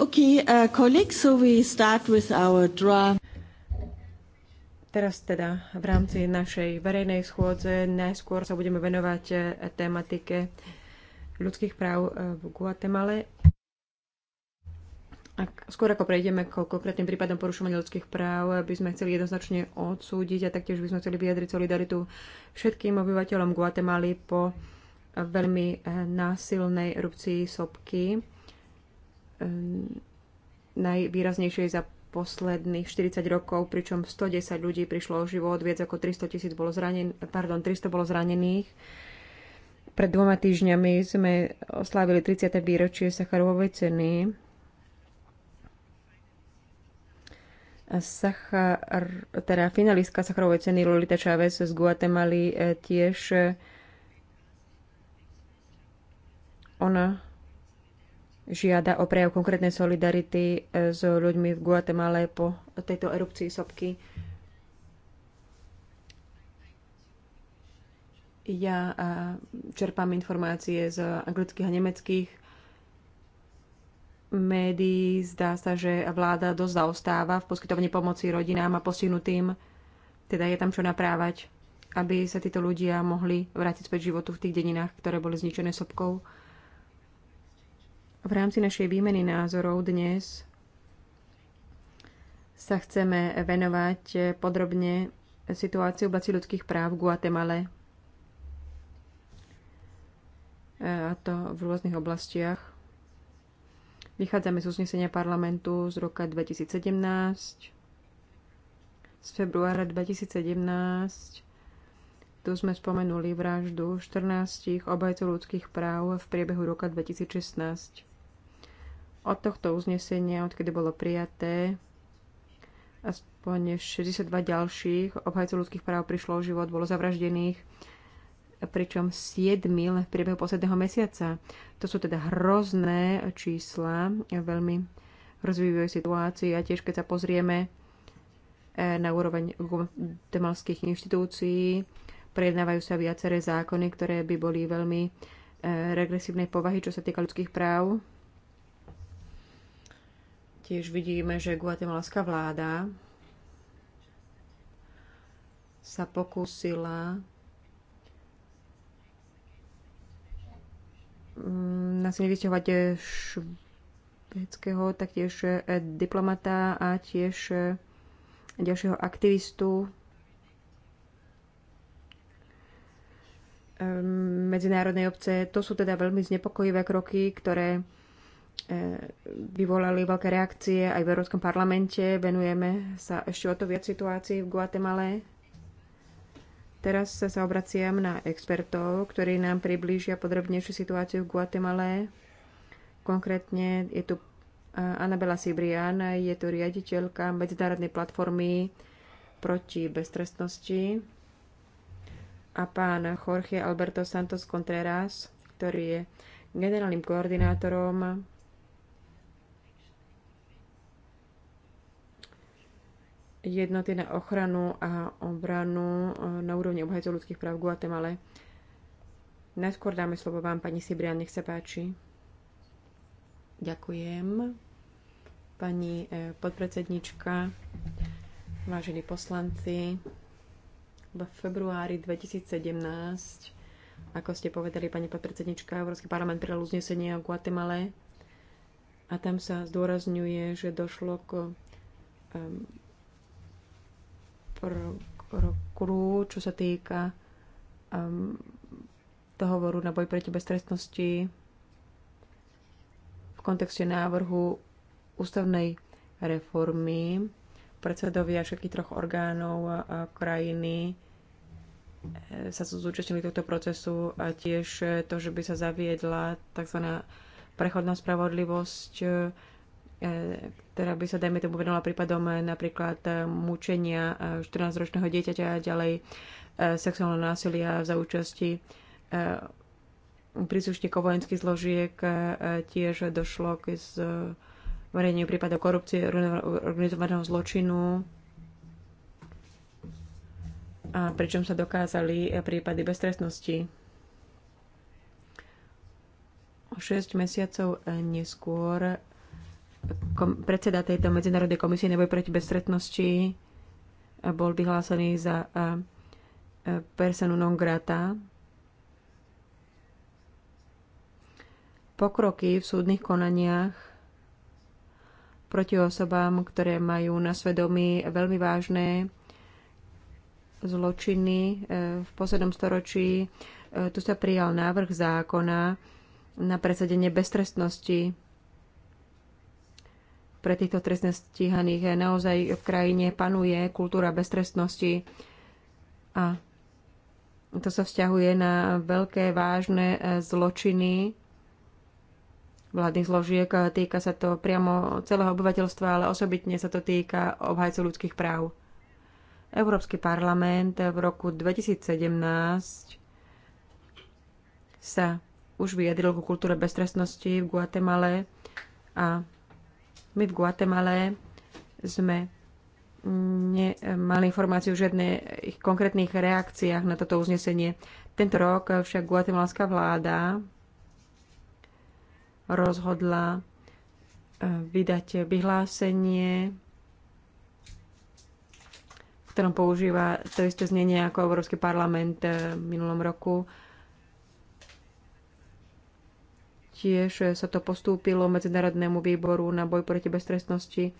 Okay, uh, colleagues, so we start with our Teraz teda v rámci našej verejnej schôdze najskôr sa budeme venovať e, tematike ľudských práv e, v Guatemale. A skôr ako prejdeme k konkrétnym prípadom porušovania ľudských práv, by sme chceli jednoznačne odsúdiť a taktiež by sme chceli vyjadriť solidaritu všetkým obyvateľom Guatemaly po e, veľmi násilnej erupcii sopky Ehm, najvýraznejšie za posledných 40 rokov, pričom 110 ľudí prišlo o život, viac ako 300 tisíc bolo zranen, pardon, 300 bolo zranených. Pred dvoma týždňami sme oslávili 30. výročie Sacharovovej ceny. Sachar, teda finalistka Sacharovej ceny Lolita Chávez z Guatemaly e, tiež e, ona žiada o prejav konkrétnej solidarity e, s ľuďmi v Guatemala po tejto erupcii sopky. Ja e, čerpám informácie z anglických a nemeckých médií. Zdá sa, že vláda dosť zaostáva v poskytovaní pomoci rodinám a postihnutým. Teda je tam čo naprávať, aby sa títo ľudia mohli vrátiť späť životu v tých dedinách, ktoré boli zničené sopkou. V rámci našej výmeny názorov dnes sa chceme venovať podrobne situácii v oblasti ľudských práv v Guatemale. A to v rôznych oblastiach. Vychádzame z uznesenia parlamentu z roka 2017, z februára 2017. Tu sme spomenuli vraždu 14 obajcov ľudských práv v priebehu roka 2016. Od tohto uznesenia, odkedy bolo prijaté, aspoň 62 ďalších obhajcov ľudských práv prišlo o život, bolo zavraždených, pričom 7 v priebehu posledného mesiaca. To sú teda hrozné čísla, veľmi rozvíjajú situácii a tiež keď sa pozrieme e, na úroveň guatemalských inštitúcií, prejednávajú sa viaceré zákony, ktoré by boli veľmi e, regresívnej povahy, čo sa týka ľudských práv. Tiež vidíme, že guatemalská vláda sa pokúsila mm, násilne vysťahovať eh, švedského, taktiež eh, diplomata a tiež eh, ďalšieho aktivistu. Ehm, medzinárodnej obce. To sú teda veľmi znepokojivé kroky, ktoré E, vyvolali veľké reakcie aj v Európskom parlamente. Venujeme sa ešte o to viac situácii v Guatemale. Teraz sa obraciam na expertov, ktorí nám priblížia podrobnejšiu situáciu v Guatemale. Konkrétne je tu e, Anabela Sibrian, je tu riaditeľka medzinárodnej platformy proti beztrestnosti a pán Jorge Alberto Santos Contreras, ktorý je generálnym koordinátorom jednoty na ochranu a obranu eh, na úrovni obhajcov ľudských práv v Guatemale. Najskôr dáme slovo vám, pani Sibrian, nech sa páči. Ďakujem. Pani eh, podpredsednička, vážení poslanci, v februári 2017, ako ste povedali, pani podpredsednička, Európsky parlament prijal uznesenie o Guatemale a tam sa zdôrazňuje, že došlo k um, prokuratúru, čo sa týka um, dohovoru na boj proti beztrestnosti v kontexte návrhu ústavnej reformy predsedovia všetkých troch orgánov a krajiny e, sa sú zúčastnili tohto procesu a tiež e, to, že by sa zaviedla tzv. prechodná spravodlivosť, e, ktorá e, teda by sa, dajme tomu, venovala prípadom e, napríklad e, mučenia 14-ročného dieťaťa a ďalej sexuálne násilia za účasti príslušníkov vojenských zložiek tiež došlo k zverejneniu prípadov korupcie, organizovaného zločinu, a pričom sa dokázali prípady beztrestnosti. O 6 mesiacov neskôr kom, predseda tejto Medzinárodnej komisie neboj proti bezstretnosti eh, bol vyhlásený za eh, eh, personu non grata. Pokroky v súdnych konaniach proti osobám, ktoré majú na svedomí veľmi vážne zločiny v poslednom storočí. Tu sa prijal návrh zákona na presadenie beztrestnosti pre týchto trestne stíhaných. Naozaj v krajine panuje kultúra beztrestnosti a to sa vzťahuje na veľké vážne e, zločiny vládnych zložiek. Týka sa to priamo celého obyvateľstva, ale osobitne sa to týka obhajcov ľudských práv. Európsky parlament v roku 2017 sa už vyjadril ku kultúre beztrestnosti v Guatemale a my v Guatemale sme mm, nemali informáciu o žiadnych konkrétnych reakciách na toto uznesenie. Tento rok však guatemalská vláda rozhodla e, vydať vyhlásenie, v ktorom používa to isté znenie ako Európsky parlament e, v minulom roku Tiež sa to postúpilo Medzinárodnému výboru na boj proti beztrestnosti.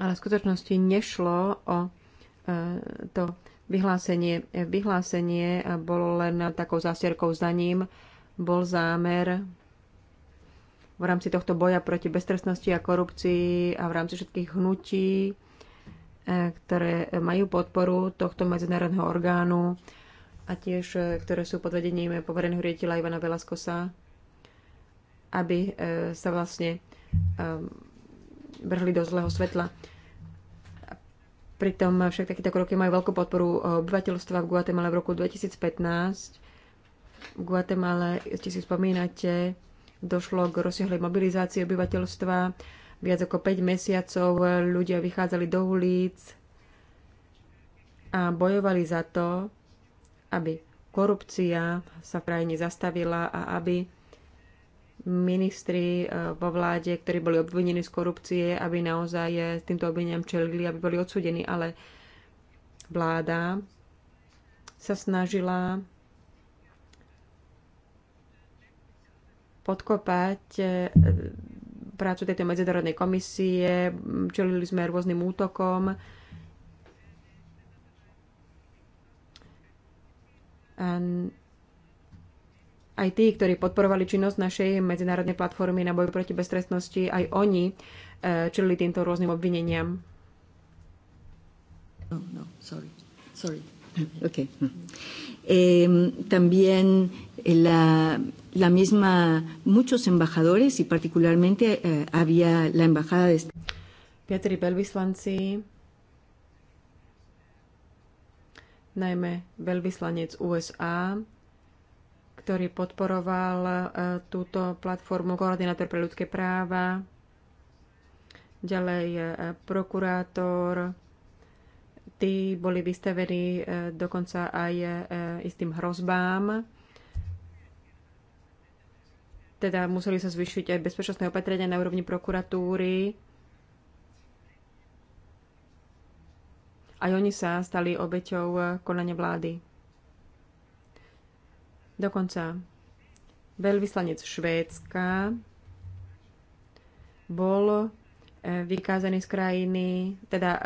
Ale v skutočnosti nešlo o e, to vyhlásenie. Vyhlásenie bolo len takou zásierkou za ním. Bol zámer v rámci tohto boja proti beztrestnosti a korupcii a v rámci všetkých hnutí, e, ktoré majú podporu tohto medzinárodného orgánu, a tiež e, ktoré sú pod vedením e, povereného riaditeľa Ivana Velaskosa, aby e, sa vlastne ehm, vrhli do zlého svetla. Pritom však takéto kroky majú veľkú podporu obyvateľstva v Guatemala v roku 2015. V Guatemala, ste si spomínate, došlo k rozsiahlej mobilizácii obyvateľstva. Viac ako 5 mesiacov ľudia vychádzali do ulic a bojovali za to, aby korupcia sa v krajine zastavila a aby ministri eh, vo vláde, ktorí boli obvinení z korupcie, aby naozaj týmto obvineniam čelili, aby boli odsudení, ale vláda sa snažila podkopať eh, prácu tejto medzinárodnej komisie, čelili sme rôznym útokom, aj tí, ktorí podporovali činnosť našej medzinárodnej platformy na boj proti beztrestnosti, aj oni e, čili týmto rôznym obvineniam. No, no, sorry. Sorry. Okay. Eh, también la, la misma, muchos embajadores y particularmente eh, había la embajada de... Viacerí veľvyslanci najmä veľvyslanec USA, ktorý podporoval e, túto platformu Koordinátor pre ľudské práva, ďalej e, prokurátor, tí boli vystavení e, dokonca aj istým hrozbám. Teda museli sa zvyšiť aj bezpečnostné opatrenia na úrovni prokuratúry Aj oni sa stali obeťou eh, konania vlády. Dokonca veľvyslanec Švédska bol eh, vykázaný z krajiny, teda eh,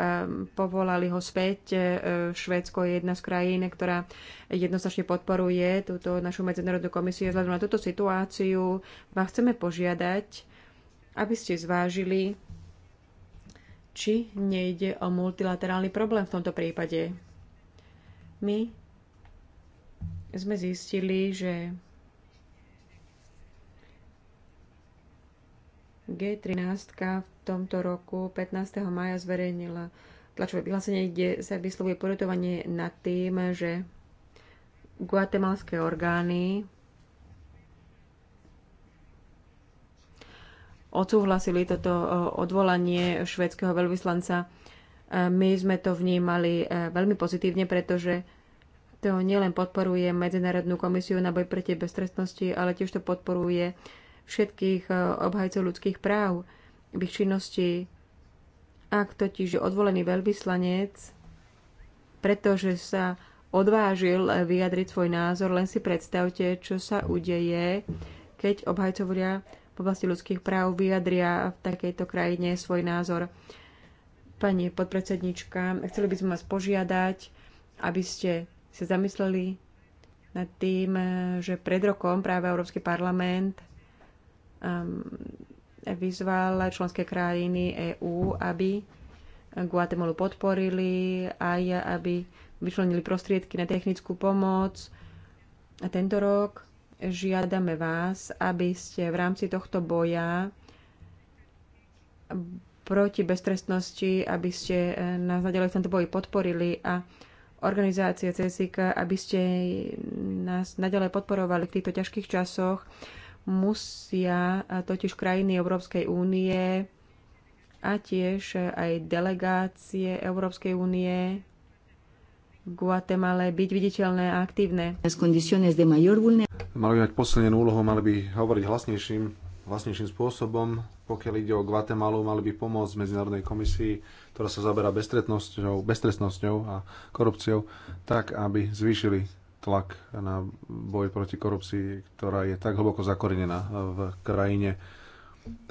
povolali ho späť. Švédsko je jedna z krajín, ktorá jednoznačne podporuje túto našu medzinárodnú komisiu. Vzhľadom na túto situáciu vás chceme požiadať, aby ste zvážili či nejde o multilaterálny problém v tomto prípade. My sme zistili, že G13 v tomto roku 15. maja zverejnila tlačové vyhlásenie, kde sa vyslovuje porotovanie nad tým, že guatemalské orgány odsúhlasili toto e, odvolanie švédskeho veľvyslanca. E, my sme to vnímali e, veľmi pozitívne, pretože to nielen podporuje Medzinárodnú komisiu na boj proti beztrestnosti, ale tiež to podporuje všetkých obhajcov ľudských práv v ich činnosti. Ak totiž odvolený veľvyslanec, pretože sa odvážil vyjadriť svoj názor, len si predstavte, čo sa udeje, keď obhajcovia v oblasti ľudských práv vyjadria v takejto krajine svoj názor. Pani podpredsednička, chceli by sme vás požiadať, aby ste sa zamysleli nad tým, že pred rokom práve Európsky parlament um, vyzval členské krajiny EÚ, aby Guatemala podporili, aj aby vyčlenili prostriedky na technickú pomoc. A tento rok žiadame vás, aby ste v rámci tohto boja proti beztrestnosti, aby ste eh, nás nadalej v tomto boji podporili a organizácie CSIK, aby ste nás naďalej podporovali v týchto ťažkých časoch. Musia eh, totiž krajiny Európskej únie a tiež eh, aj delegácie Európskej únie Guatemale byť viditeľné a aktívne. Mali by mať posilnenú úlohu, mali by hovoriť hlasnejším, hlasnejším spôsobom. Pokiaľ ide o Guatemalu, mali by pomôcť Medzinárodnej komisii, ktorá sa zaberá bestresnosťou a korupciou, tak, aby zvýšili tlak na boj proti korupcii, ktorá je tak hlboko zakorenená v krajine.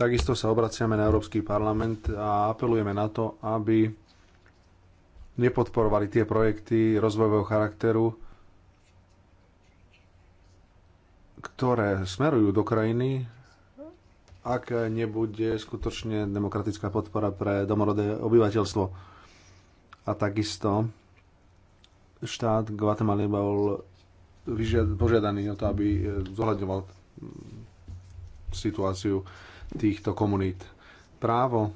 Takisto sa obraciame na Európsky parlament a apelujeme na to, aby nepodporovali tie projekty rozvojového charakteru, ktoré smerujú do krajiny, ak nebude skutočne demokratická podpora pre domorodé obyvateľstvo. A takisto štát Guatemala bol požiadaný o to, aby eh, zohľadňoval mm, situáciu týchto komunít. Právo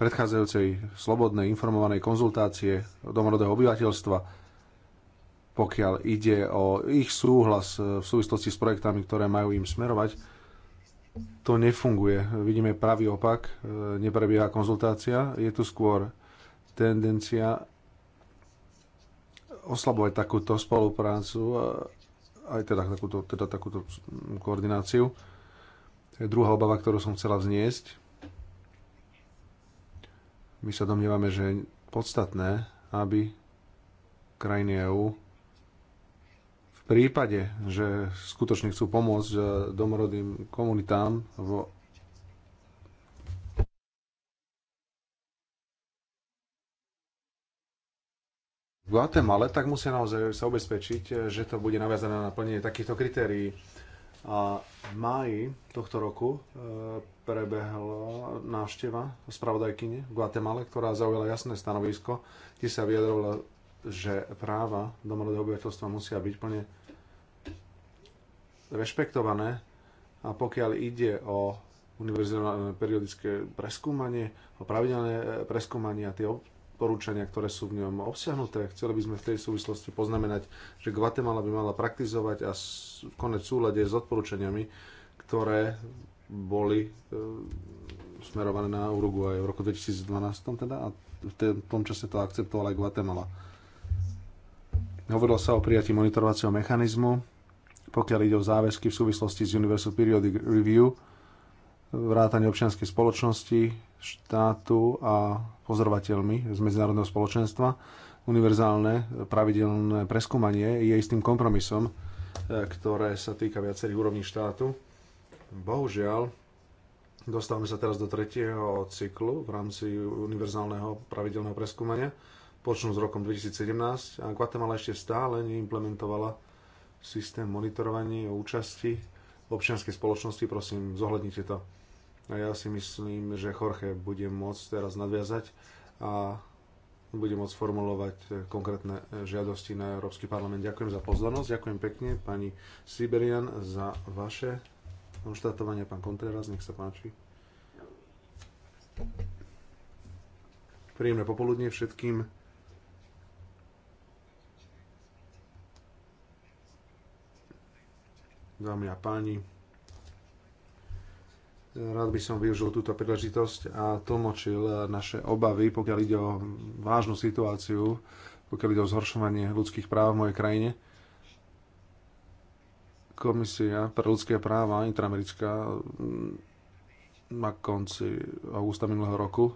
predchádzajúcej slobodnej informovanej konzultácie domorodého obyvateľstva, pokiaľ ide o ich súhlas e, v súvislosti s projektami, ktoré majú im smerovať, to nefunguje. Vidíme pravý opak, e, neprebieha konzultácia, je tu skôr tendencia oslabovať takúto spoluprácu, e, aj teda takúto, teda takúto koordináciu. To je druhá obava, ktorú som chcela vzniesť my sa domnievame, že je podstatné, aby krajiny EÚ v prípade, že skutočne chcú pomôcť eh, domorodým komunitám v Guatemala, tak musia naozaj sa ubezpečiť, eh, že to bude naviazané na plnenie takýchto kritérií. A v máji tohto roku e, prebehla návšteva spravodajkyne v Guatemale, ktorá zaujala jasné stanovisko, kde sa vyjadrovala, že práva domorodého obyvateľstva musia byť plne rešpektované a pokiaľ ide o univerzálne periodické preskúmanie, o pravidelné e, preskúmanie a tie odporúčania, ktoré sú v ňom obsiahnuté. Chceli by sme v tej súvislosti poznamenať, že Guatemala by mala praktizovať a v konec súlade s odporúčaniami, ktoré boli e, smerované na Uruguay v roku 2012 teda, a v tom čase to akceptovala aj Guatemala. Hovorilo sa o prijatí monitorovacieho mechanizmu, pokiaľ ide o záväzky v súvislosti s Universal Periodic Review, vrátanie občianskej spoločnosti, štátu a pozorovateľmi z medzinárodného spoločenstva. Univerzálne pravidelné preskúmanie je istým kompromisom, e, ktoré sa týka viacerých úrovní štátu. Bohužiaľ, dostávame sa teraz do tretieho cyklu v rámci univerzálneho pravidelného preskúmania. Počnú s rokom 2017 a Guatemala ešte stále neimplementovala systém monitorovania účasti občianskej spoločnosti. Prosím, zohľadnite to. A ja si myslím, že Jorge bude môcť teraz nadviazať a bude môcť formulovať e, konkrétne e, žiadosti na Európsky parlament. Ďakujem za pozornosť, ďakujem pekne pani Siberian za vaše konštatovanie. Pán Contreras, nech sa páči. Príjemné popoludne všetkým. Dámy a páni, Rád by som využil túto príležitosť a tlmočil naše obavy, pokiaľ ide o vážnu situáciu, pokiaľ ide o zhoršovanie ľudských práv v mojej krajine. Komisia pre ľudské práva intraamerická mm, na konci augusta minulého roku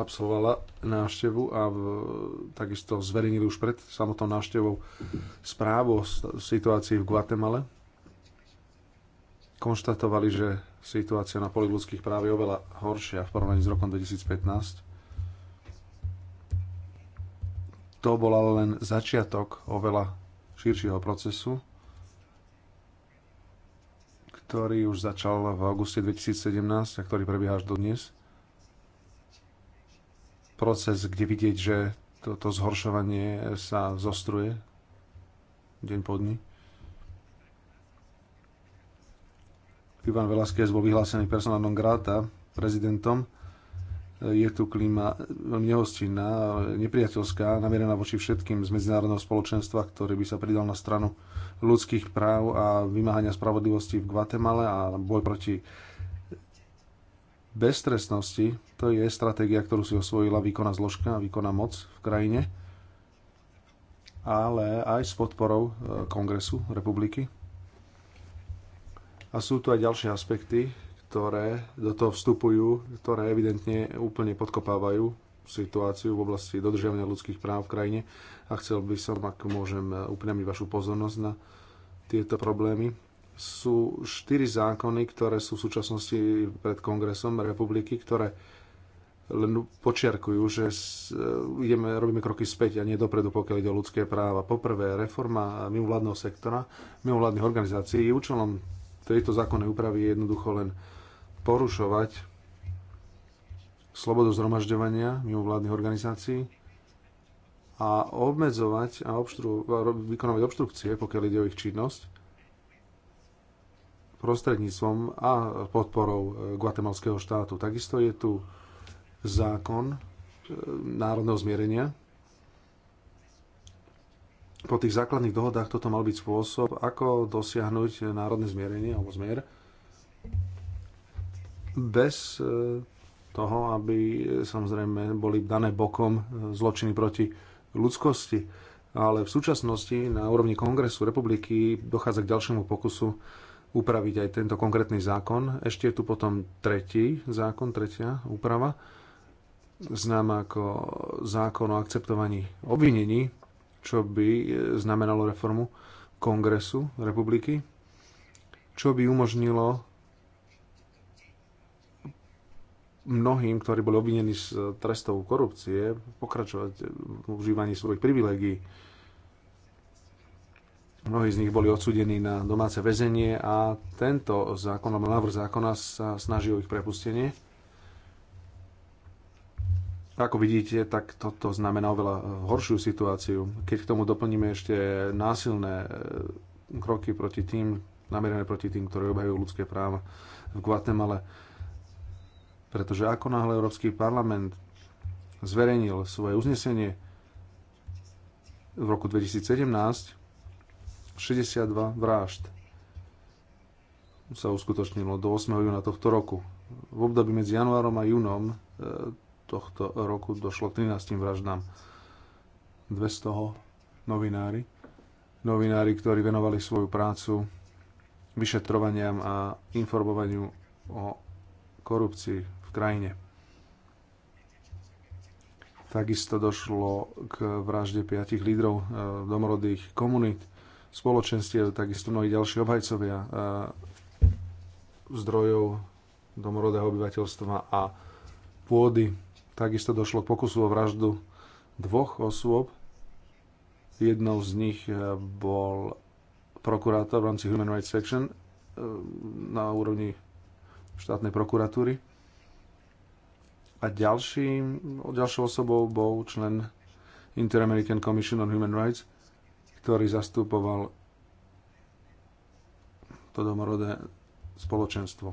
absolvovala návštevu a v, takisto zverejnili už pred samotnou návštevou správu o situácii v Guatemale. Konštatovali, že situácia na poli ľudských práv je oveľa horšia v porovnaní s rokom 2015. To bol ale len začiatok oveľa širšieho procesu, ktorý už začal v auguste 2017 a ktorý prebieha až do dnes. Proces, kde vidieť, že toto zhoršovanie sa zostruje deň po dni. Ivan Velasquez bol vyhlásený personálnom gráta grata prezidentom. Je tu klíma veľmi nehostinná, nepriateľská, namierená voči všetkým z medzinárodného spoločenstva, ktorý by sa pridal na stranu ľudských práv a vymáhania spravodlivosti v Guatemale a boj proti beztrestnosti. To je stratégia, ktorú si osvojila výkonná zložka, výkonná moc v krajine, ale aj s podporou e, Kongresu republiky a sú tu aj ďalšie aspekty, ktoré do toho vstupujú, ktoré evidentne úplne podkopávajú situáciu v oblasti dodržiavania ľudských práv v krajine. A chcel by som, ak môžem, upriamiť vašu pozornosť na tieto problémy. Sú štyri zákony, ktoré sú v súčasnosti pred Kongresom republiky, ktoré len počiarkujú, že e, ideme, robíme kroky späť a nie dopredu, pokiaľ ide o ľudské práva. Poprvé, reforma mimovládneho sektora, mimovládnych organizácií. Účelom tejto zákonnej úpravy je jednoducho len porušovať slobodu zhromažďovania mimovládnych organizácií a obmedzovať a, obštru, vykonávať obštrukcie, pokiaľ ide o ich činnosť, prostredníctvom a podporou e, guatemalského štátu. Takisto je tu zákon e, národného zmierenia, po tých základných dohodách toto mal byť spôsob, ako dosiahnuť národné zmierenie alebo zmier bez e, toho, aby e, samozrejme boli dané bokom e, zločiny proti ľudskosti. Ale v súčasnosti na úrovni Kongresu republiky dochádza k ďalšiemu pokusu upraviť aj tento konkrétny zákon. Ešte je tu potom tretí zákon, tretia úprava, známa ako zákon o akceptovaní obvinení čo by e, znamenalo reformu Kongresu republiky, čo by umožnilo mnohým, ktorí boli obvinení z e, trestov korupcie, pokračovať v užívaní svojich privilegií. Mnohí z nich boli odsudení na domáce väzenie a tento zákon, alebo návrh zákona sa snaží o ich prepustenie. Ako vidíte, tak toto znamená oveľa e, horšiu situáciu. Keď k tomu doplníme ešte násilné e, kroky proti tým, namerené proti tým, ktorí obhajujú ľudské práva v Guatemale. Pretože ako náhle Európsky parlament zverejnil svoje uznesenie v roku 2017, 62 vražd sa uskutočnilo do 8. júna tohto roku. V období medzi januárom a júnom e, tohto roku došlo k 13 vraždám. Dve z toho novinári. Novinári, ktorí venovali svoju prácu vyšetrovaniam a informovaniu o korupcii v krajine. Takisto došlo k vražde piatich lídrov eh, domorodých komunít, spoločenstiev, takisto mnohí ďalší obhajcovia eh, zdrojov domorodého obyvateľstva a pôdy Takisto došlo k pokusu o vraždu dvoch osôb. Jednou z nich eh, bol prokurátor v rámci Human Rights Section eh, na úrovni štátnej prokuratúry. A ďalším, ďalšou osobou bol člen Inter-American Commission on Human Rights, ktorý zastupoval to domorodé spoločenstvo.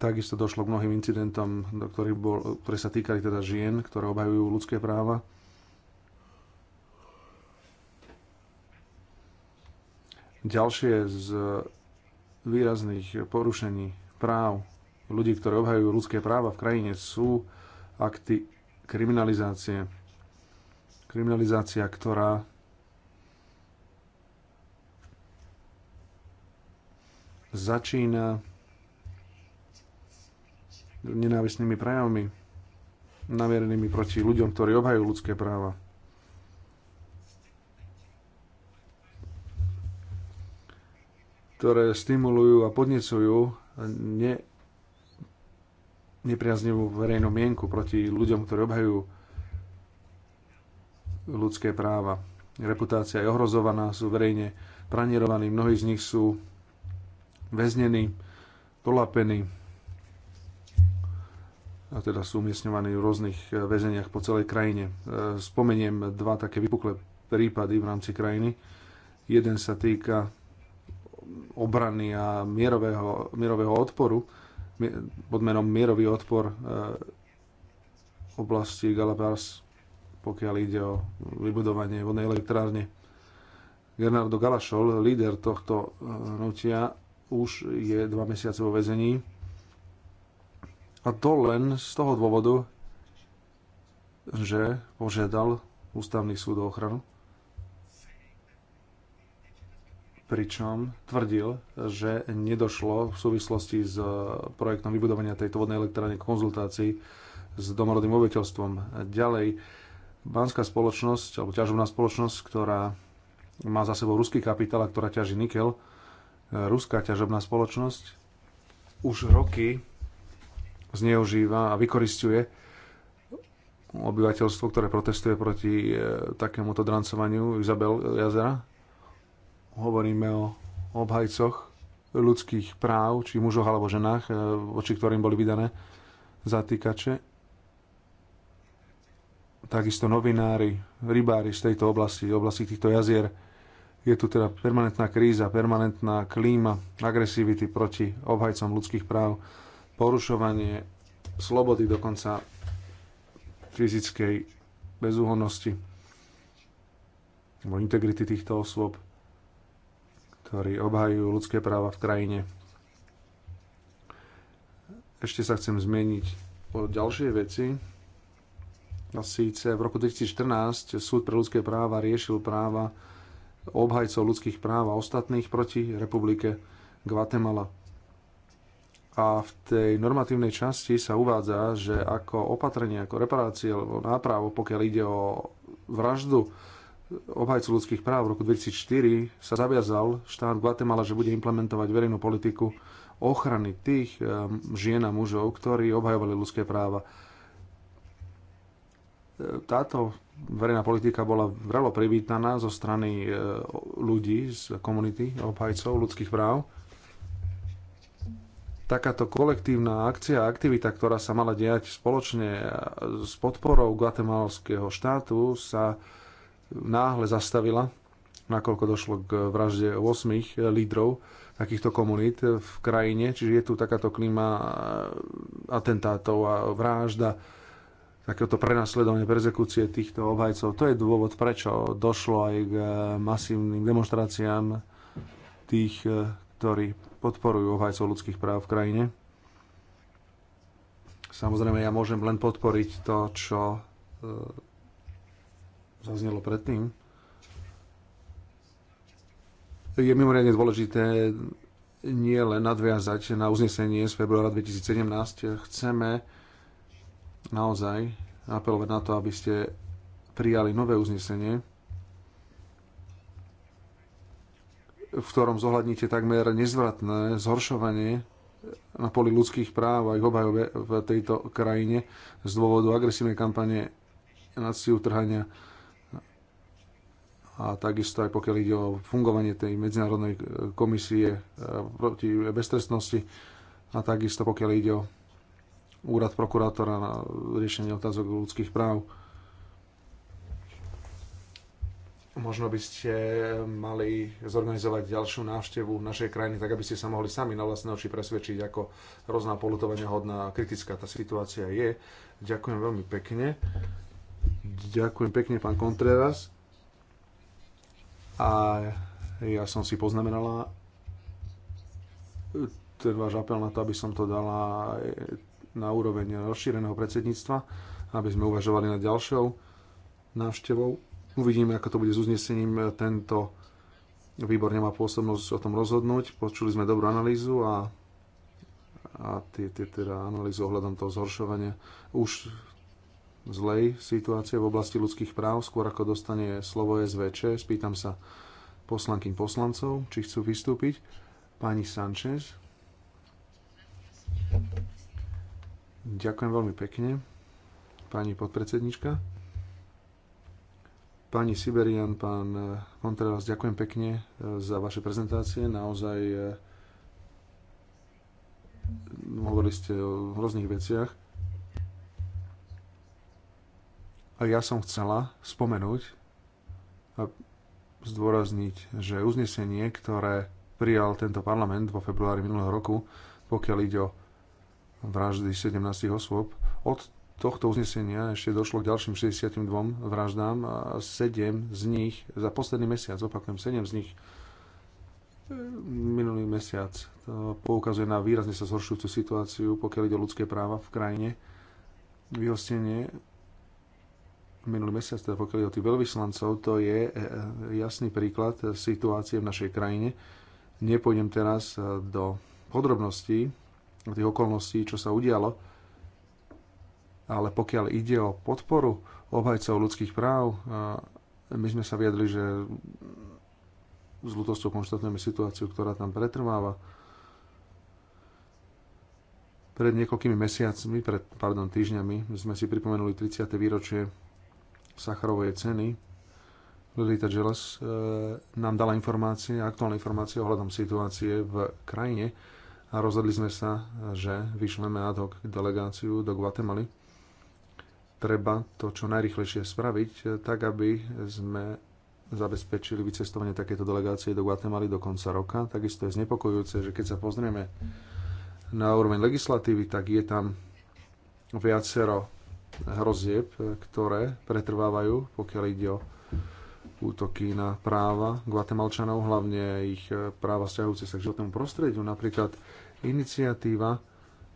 Takisto došlo k mnohým incidentom, do ktorých bol, ktoré sa týkali teda žien, ktoré obhajujú ľudské práva. Ďalšie z výrazných porušení práv ľudí, ktorí obhajujú ľudské práva v krajine, sú akty kriminalizácie. Kriminalizácia, ktorá začína nenávisnými prejavmi namierenými proti ľuďom, ktorí obhajú ľudské práva. ktoré stimulujú a podnecujú ne, nepriaznivú verejnú mienku proti ľuďom, ktorí obhajú ľudské práva. Reputácia je ohrozovaná, sú verejne pranierovaní, mnohí z nich sú väznení, polapení, a teda sú umiestňovaní v rôznych eh, väzeniach po celej krajine. Eh, spomeniem dva také vypuklé prípady v rámci krajiny. Jeden sa týka obrany a mierového, mierového odporu pod menom Mierový odpor eh, oblasti Galapás, pokiaľ ide o vybudovanie vodnej elektrárne. Gernardo Galašol, líder tohto hnutia, už je dva mesiace vo väzení a to len z toho dôvodu, že požiadal ústavný súd o ochranu. pričom tvrdil, že nedošlo v súvislosti s eh, projektom vybudovania tejto vodnej elektrárne konzultácii s domorodým obyvateľstvom. Ďalej, banská spoločnosť, alebo ťažobná spoločnosť, ktorá má za sebou ruský kapitál a ktorá ťaží nikel, eh, ruská ťažobná spoločnosť, už roky zneužíva a vykoristuje obyvateľstvo, ktoré protestuje proti e, takémuto drancovaniu Izabel jazera. Hovoríme o obhajcoch ľudských práv, či mužoch alebo ženách, e, voči ktorým boli vydané zatýkače takisto novinári, rybári z tejto oblasti, oblasti týchto jazier. Je tu teda permanentná kríza, permanentná klíma agresivity proti obhajcom ľudských práv porušovanie slobody, dokonca fyzickej bezúhonnosti alebo integrity týchto osôb, ktorí obhajujú ľudské práva v krajine. Ešte sa chcem zmeniť o ďalšie veci. A síce v roku 2014 Súd pre ľudské práva riešil práva obhajcov ľudských práv a ostatných proti republike Guatemala a v tej normatívnej časti sa uvádza, že ako opatrenie, ako reparácie alebo nápravo, pokiaľ ide o vraždu obhajcu ľudských práv v roku 2004, sa zaviazal štát Guatemala, že bude implementovať verejnú politiku ochrany tých ehm, žien a mužov, ktorí obhajovali ľudské práva. E, táto verejná politika bola vrelo privítaná zo strany e, ľudí z komunity obhajcov ľudských práv takáto kolektívna akcia a aktivita, ktorá sa mala diať spoločne s podporou guatemalského štátu, sa náhle zastavila, nakoľko došlo k vražde 8 lídrov takýchto komunít v krajine, čiže je tu takáto klíma e, atentátov a vražda, takéto prenasledovanie, perzekúcie týchto obhajcov. To je dôvod, prečo došlo aj k masívnym demonstráciám tých ktorí podporujú obhajcov ľudských práv v krajine. Samozrejme, ja môžem len podporiť to, čo e, zaznelo predtým. Je mimoriadne dôležité nie len nadviazať na uznesenie z februára 2017. Chceme naozaj apelovať na to, aby ste prijali nové uznesenie, v ktorom zohľadníte takmer nezvratné zhoršovanie na poli ľudských práv a ich obhajobe v tejto krajine z dôvodu agresívnej kampane naciu trhania a takisto aj pokiaľ ide o fungovanie tej medzinárodnej komisie eh, proti beztrestnosti a takisto pokiaľ ide o úrad prokurátora na riešenie otázok ľudských práv. Možno by ste eh, mali zorganizovať ďalšiu návštevu našej krajiny, tak aby ste sa mohli sami na vlastné oči presvedčiť, ako rozná polutovania hodná kritická tá situácia je. Ďakujem veľmi pekne. Ďakujem pekne, pán Contreras. A ja som si poznamenala eh, ten váš apel na to, aby som to dala eh, na úroveň rozšíreného predsedníctva, aby sme uvažovali nad ďalšou návštevou Uvidíme, ako to bude s uznesením. Tento výbor nemá pôsobnosť o tom rozhodnúť. Počuli sme dobrú analýzu a, a tie, tie teda analýzu ohľadom toho zhoršovania už zlej situácie v oblasti ľudských práv. Skôr ako dostane slovo SVČ, spýtam sa poslankyň poslancov, či chcú vystúpiť. Pani Sanchez. Ďakujem veľmi pekne, pani podpredsednička. Pani Siberian, pán Kontreras, eh, ďakujem pekne eh, za vaše prezentácie. Naozaj eh, hovorili ste o rôznych veciach. A ja som chcela spomenúť a zdôrazniť, že uznesenie, ktoré prijal tento parlament vo februári minulého roku, pokiaľ ide o vraždy 17 osôb, od tohto uznesenia ešte došlo k ďalším 62 vraždám a 7 z nich za posledný mesiac, opakujem, 7 z nich e, minulý mesiac to poukazuje na výrazne sa zhoršujúcu situáciu, pokiaľ ide o ľudské práva v krajine. Vyhostenie minulý mesiac, teda pokiaľ ide o tých veľvyslancov, to je e, e, jasný príklad situácie v našej krajine. Nepôjdem teraz do podrobností, tých okolností, čo sa udialo, ale pokiaľ ide o podporu obhajcov ľudských práv, my sme sa viedli, že s ľutosťou konštatujeme situáciu, ktorá tam pretrváva. Pred niekoľkými mesiacmi, pred, pardon, týždňami, sme si pripomenuli 30. výročie Sacharovej ceny. Lilita Jeles e, nám dala informácie, aktuálne informácie ohľadom situácie v krajine a rozhodli sme sa, že vyšleme ad hoc delegáciu do Guatemaly treba to čo najrychlejšie spraviť, e, tak aby sme zabezpečili vycestovanie takéto delegácie do Guatemaly do konca roka. Takisto je znepokojujúce, že keď sa pozrieme na úroveň legislatívy, tak je tam viacero hrozieb, e, ktoré pretrvávajú, pokiaľ ide o útoky na práva guatemalčanov, hlavne ich e, práva vzťahujúce sa k životnému prostrediu. Napríklad iniciatíva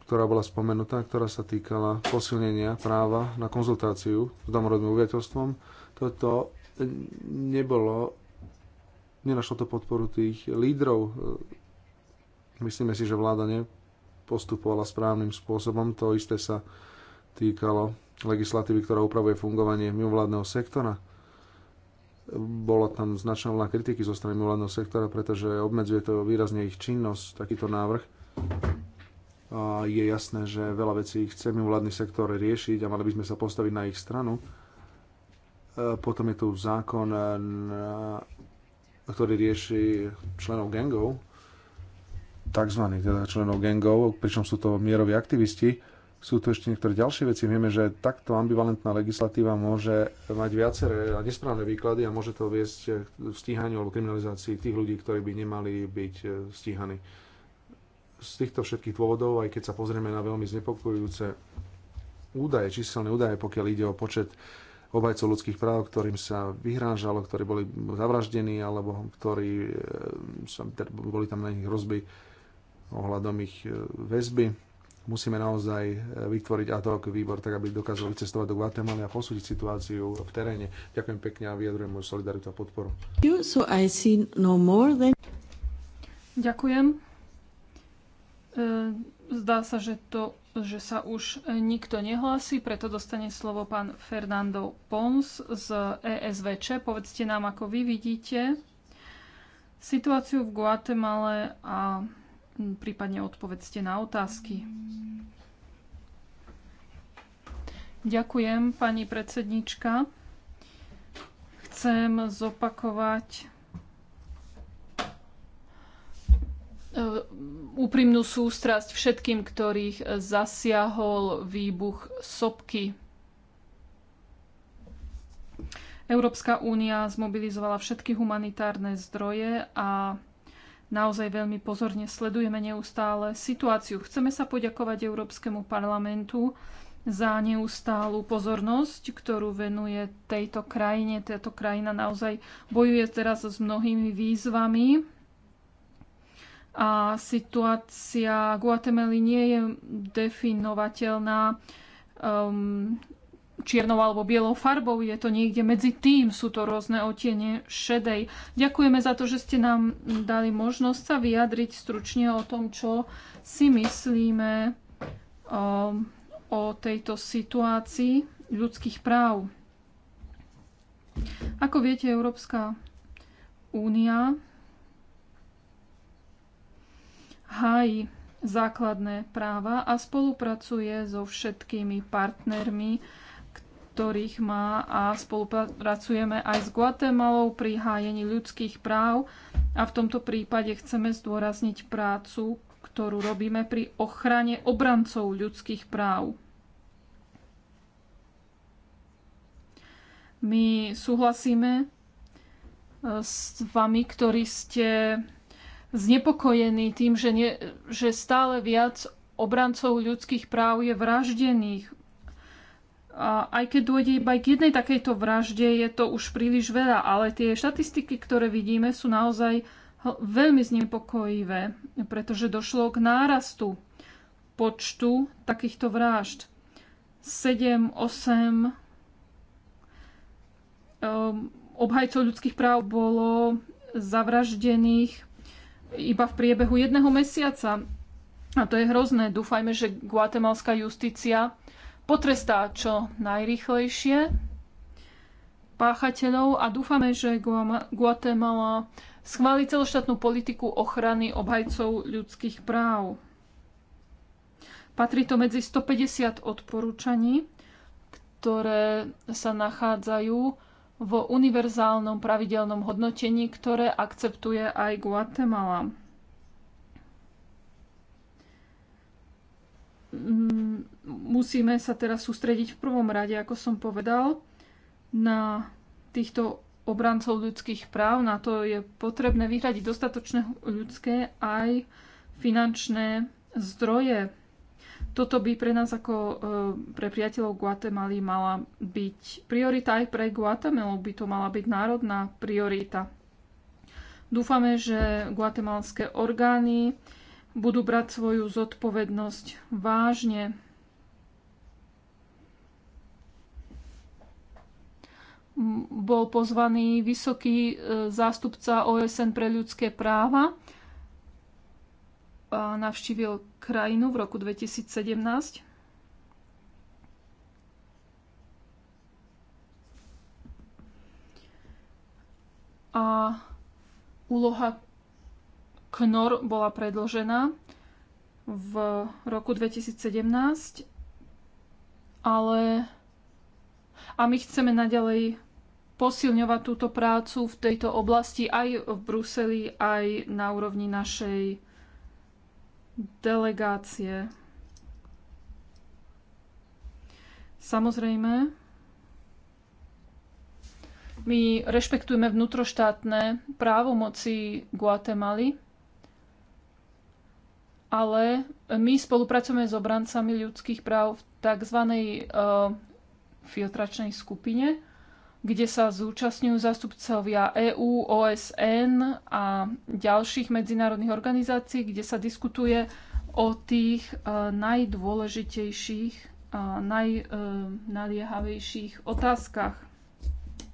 ktorá bola spomenutá, ktorá sa týkala posilnenia práva na konzultáciu s domorodným obyvateľstvom. Toto nebolo, nenašlo to podporu tých lídrov. Myslíme si, že vláda nepostupovala správnym spôsobom. To isté sa týkalo legislatívy, ktorá upravuje fungovanie mimovládneho sektora. Bola tam značná vlna kritiky zo strany mimovládneho sektora, pretože obmedzuje to výrazne ich činnosť, takýto návrh je jasné, že veľa vecí chce mimovládny sektor riešiť a mali by sme sa postaviť na ich stranu. E, potom je tu zákon, e, ktorý rieši členov gangov, tzv. teda členov gangov, pričom sú to mieroví aktivisti. Sú tu ešte niektoré ďalšie veci. Vieme, že takto ambivalentná legislatíva môže mať viaceré a nesprávne výklady a môže to viesť k stíhaniu alebo kriminalizácii tých ľudí, ktorí by nemali byť e, stíhaní z týchto všetkých dôvodov, aj keď sa pozrieme na veľmi znepokojujúce údaje, číselné údaje, pokiaľ ide o počet obhajcov ľudských práv, ktorým sa vyhrážalo, ktorí boli zavraždení alebo ktorí e, sa, teda boli tam na nich hrozby ohľadom ich e, väzby. Musíme naozaj e, vytvoriť ad hoc výbor, tak aby dokázal vycestovať do Guatemala a posúdiť situáciu v teréne. Ďakujem pekne a vyjadrujem moju solidaritu a podporu. No Ďakujem. E, zdá sa, že, to, že sa už nikto nehlási, preto dostane slovo pán Fernando Pons z ESVČ. Povedzte nám, ako vy vidíte situáciu v Guatemale a prípadne odpovedzte na otázky. Ďakujem, pani predsednička. Chcem zopakovať Eh, úprimnú sústrasť všetkým, ktorých eh, zasiahol výbuch sopky. Európska únia zmobilizovala všetky humanitárne zdroje a naozaj veľmi pozorne sledujeme neustále situáciu. Chceme sa poďakovať Európskemu parlamentu za neustálu pozornosť, ktorú venuje tejto krajine. Táto krajina naozaj bojuje teraz s mnohými výzvami a situácia Guatemaly nie je definovateľná um, čiernou alebo bielou farbou, je to niekde medzi tým, sú to rôzne otiene šedej. Ďakujeme za to, že ste nám dali možnosť sa vyjadriť stručne o tom, čo si myslíme um, o tejto situácii ľudských práv. Ako viete, Európska únia hájí základné práva a spolupracuje so všetkými partnermi, ktorých má a spolupracujeme aj s Guatemalou pri hájení ľudských práv a v tomto prípade chceme zdôrazniť prácu, ktorú robíme pri ochrane obrancov ľudských práv. My súhlasíme eh, s vami, ktorí ste znepokojení tým, že, nie, že stále viac obrancov ľudských práv je vraždených. A aj keď dôjde iba k jednej takejto vražde, je to už príliš veľa, ale tie štatistiky, ktoré vidíme, sú naozaj veľmi znepokojivé, pretože došlo k nárastu počtu takýchto vražd. 7, 8 um, obhajcov ľudských práv bolo zavraždených iba v priebehu jedného mesiaca. A to je hrozné. Dúfajme, že guatemalská justícia potrestá čo najrychlejšie páchateľov a dúfame, že Guatemala schváli celoštátnu politiku ochrany obhajcov ľudských práv. Patrí to medzi 150 odporúčaní, ktoré sa nachádzajú vo univerzálnom pravidelnom hodnotení, ktoré akceptuje aj Guatemala. Mm, musíme sa teraz sústrediť v prvom rade, ako som povedal, na týchto obrancov ľudských práv. Na to je potrebné vyhradiť dostatočné ľudské aj finančné zdroje toto by pre nás ako e, pre priateľov Guatemaly mala byť priorita aj pre Guatemalu by to mala byť národná priorita. Dúfame, že guatemalské orgány budú brať svoju zodpovednosť vážne. Bol pozvaný vysoký e, zástupca OSN pre ľudské práva navštívil krajinu v roku 2017. A úloha KNOR bola predložená v roku 2017, ale a my chceme naďalej posilňovať túto prácu v tejto oblasti aj v Bruseli, aj na úrovni našej delegácie. Samozrejme, my rešpektujeme vnútroštátne právomoci Guatemaly, ale my spolupracujeme s obrancami ľudských práv v tzv. Eh, filtračnej skupine, kde sa zúčastňujú zastupcovia EÚ, OSN a ďalších medzinárodných organizácií, kde sa diskutuje o tých e, najdôležitejších, najnaliehavejších e, otázkach.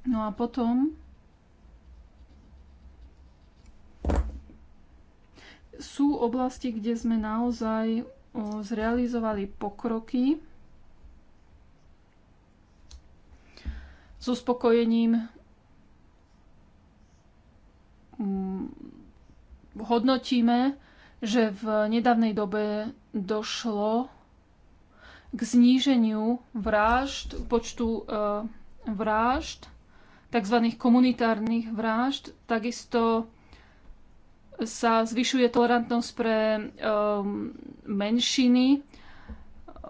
No a potom sú oblasti, kde sme naozaj zrealizovali pokroky s uspokojením mm, hodnotíme, že v nedávnej dobe došlo k zníženiu vražd, počtu eh, vražd, tzv. komunitárnych vražd. Takisto sa zvyšuje tolerantnosť pre eh, menšiny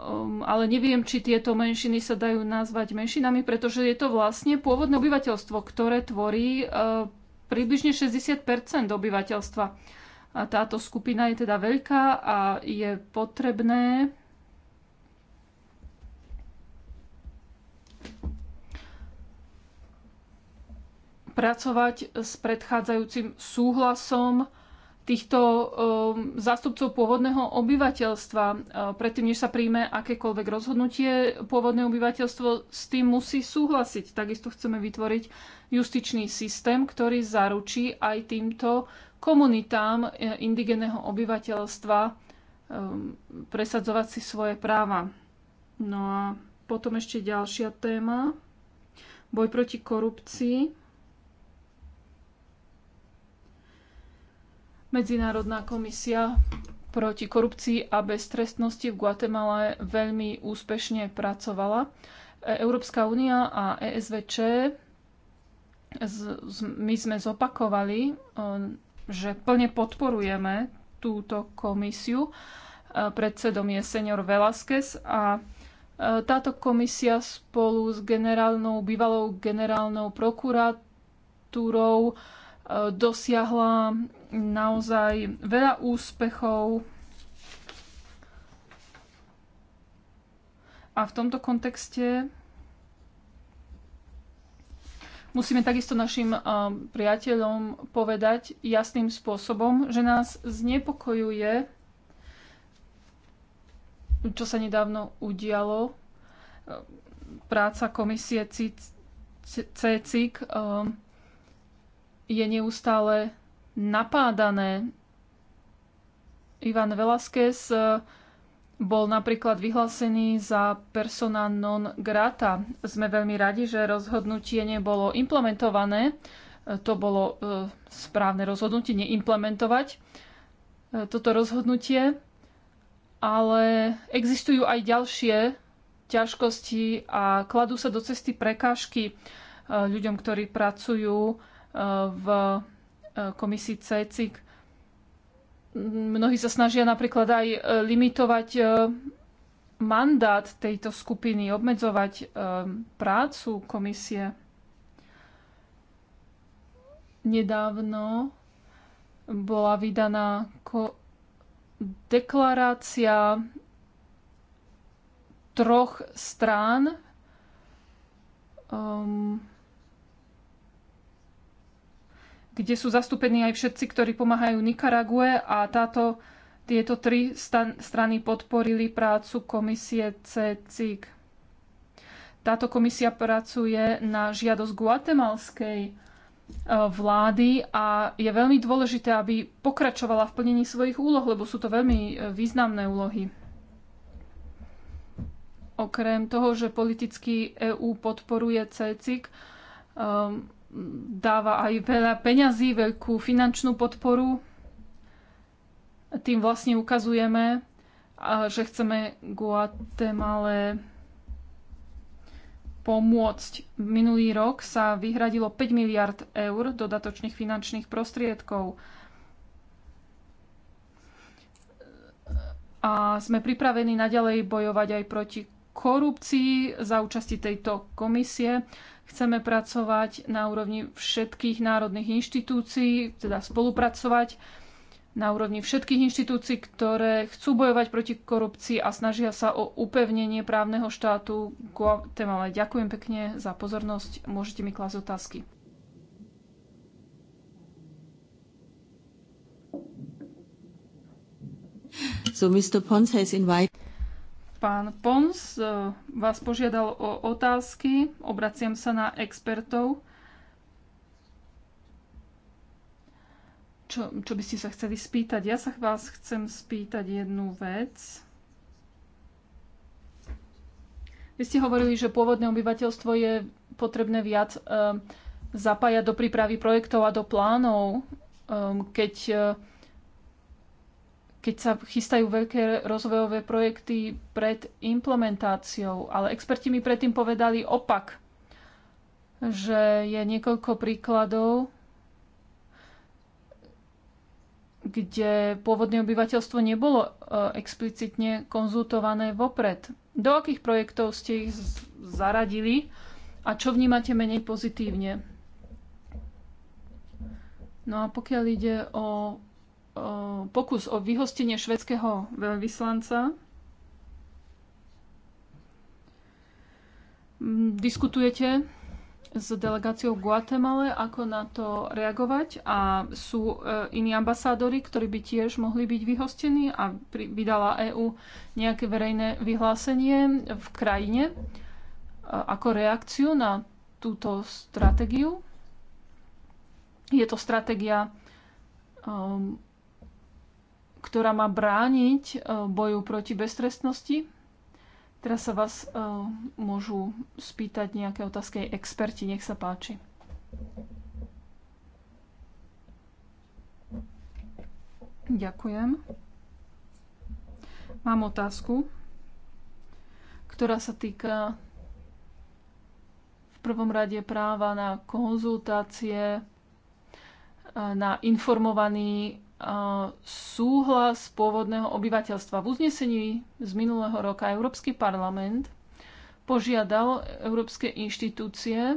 Um, ale neviem, či tieto menšiny sa dajú nazvať menšinami, pretože je to vlastne pôvodné obyvateľstvo, ktoré tvorí uh, približne 60 obyvateľstva. A táto skupina je teda veľká a je potrebné pracovať s predchádzajúcim súhlasom týchto um, zástupcov pôvodného obyvateľstva. Uh, predtým, než sa príjme akékoľvek rozhodnutie, pôvodné obyvateľstvo s tým musí súhlasiť. Takisto chceme vytvoriť justičný systém, ktorý zaručí aj týmto komunitám eh, indigeného obyvateľstva um, presadzovať si svoje práva. No a potom ešte ďalšia téma. Boj proti korupcii. Medzinárodná komisia proti korupcii a beztrestnosti v Guatemala veľmi úspešne pracovala. E, Európska únia a ESVČ my sme zopakovali, e, že plne podporujeme túto komisiu. E, predsedom je senior Velázquez a táto komisia spolu s generálnou, bývalou generálnou prokuratúrou dosiahla naozaj veľa úspechov. A v tomto kontexte musíme takisto našim priateľom povedať jasným spôsobom, že nás znepokojuje, čo sa nedávno udialo, práca komisie CICIK je neustále napádané. Ivan Velasquez eh, bol napríklad vyhlásený za persona non grata. Sme veľmi radi, že rozhodnutie nebolo implementované. Eh, to bolo eh, správne rozhodnutie neimplementovať toto rozhodnutie, ale existujú aj ďalšie ťažkosti a kladú sa do cesty prekážky ľuďom, ktorí pracujú v Eh, komisii CECIK. Mnohí sa snažia napríklad aj eh, limitovať eh, mandát tejto skupiny, obmedzovať prácu komisie. Nedávno bola vydaná deklarácia troch strán um, kde sú zastúpení aj všetci, ktorí pomáhajú Nikarague a táto, tieto tri stan, strany podporili prácu komisie CECIG. Táto komisia pracuje na žiadosť guatemalskej e, vlády a je veľmi dôležité, aby pokračovala v plnení svojich úloh, lebo sú to veľmi e, významné úlohy. Okrem toho, že politicky EÚ podporuje CECIG, um, e, dáva aj veľa peňazí, veľkú finančnú podporu. Tým vlastne ukazujeme, že chceme Guatemale pomôcť. Minulý rok sa vyhradilo 5 miliard eur dodatočných finančných prostriedkov. A sme pripravení naďalej bojovať aj proti korupcii za účasti tejto komisie. Chceme pracovať na úrovni všetkých národných inštitúcií, teda spolupracovať na úrovni všetkých inštitúcií, ktoré chcú bojovať proti korupcii a snažia sa o upevnenie právneho štátu Guatemala. Ďakujem pekne za pozornosť. Môžete mi klásť otázky. So Mr. Ponce has invited... Pán Pons e, vás požiadal o otázky. Obraciam sa na expertov. Čo, čo by ste sa chceli spýtať? Ja sa vás chcem spýtať jednu vec. Vy ste hovorili, že pôvodné obyvateľstvo je potrebné viac e, zapájať do prípravy projektov a do plánov, e, keď keď sa chystajú veľké rozvojové projekty pred implementáciou. Ale experti mi predtým povedali opak, že je niekoľko príkladov, kde pôvodné obyvateľstvo nebolo e, explicitne konzultované vopred. Do akých projektov ste ich zaradili a čo vnímate menej pozitívne? No a pokiaľ ide o pokus o vyhostenie švedského veľvyslanca. Mm, diskutujete s delegáciou v ako na to reagovať a sú e, iní ambasádori, ktorí by tiež mohli byť vyhostení a vydala EÚ nejaké verejné vyhlásenie v krajine e, ako reakciu na túto stratégiu. Je to stratégia um, ktorá má brániť e, boju proti beztrestnosti. Teraz sa vás e, môžu spýtať nejaké otázky experti, nech sa páči. Ďakujem. Mám otázku, ktorá sa týka v prvom rade práva na konzultácie, e, na informovaný súhlas pôvodného obyvateľstva. V uznesení z minulého roka Európsky parlament požiadal európske inštitúcie,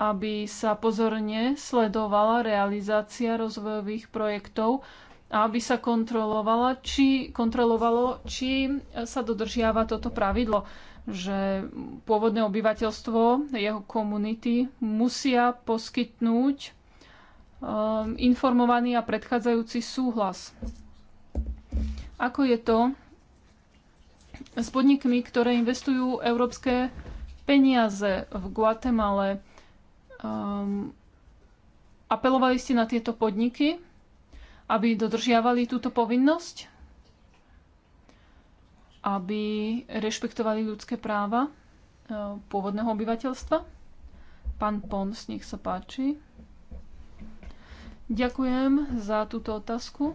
aby sa pozorne sledovala realizácia rozvojových projektov a aby sa kontrolovala, či, kontrolovalo, či sa dodržiava toto pravidlo, že pôvodné obyvateľstvo, jeho komunity musia poskytnúť Um, informovaný a predchádzajúci súhlas. Ako je to s podnikmi, ktoré investujú európske peniaze v Guatemale? Um, apelovali ste na tieto podniky, aby dodržiavali túto povinnosť? Aby rešpektovali ľudské práva uh, pôvodného obyvateľstva? Pán Pons, nech sa páči. Ďakujem za túto otázku.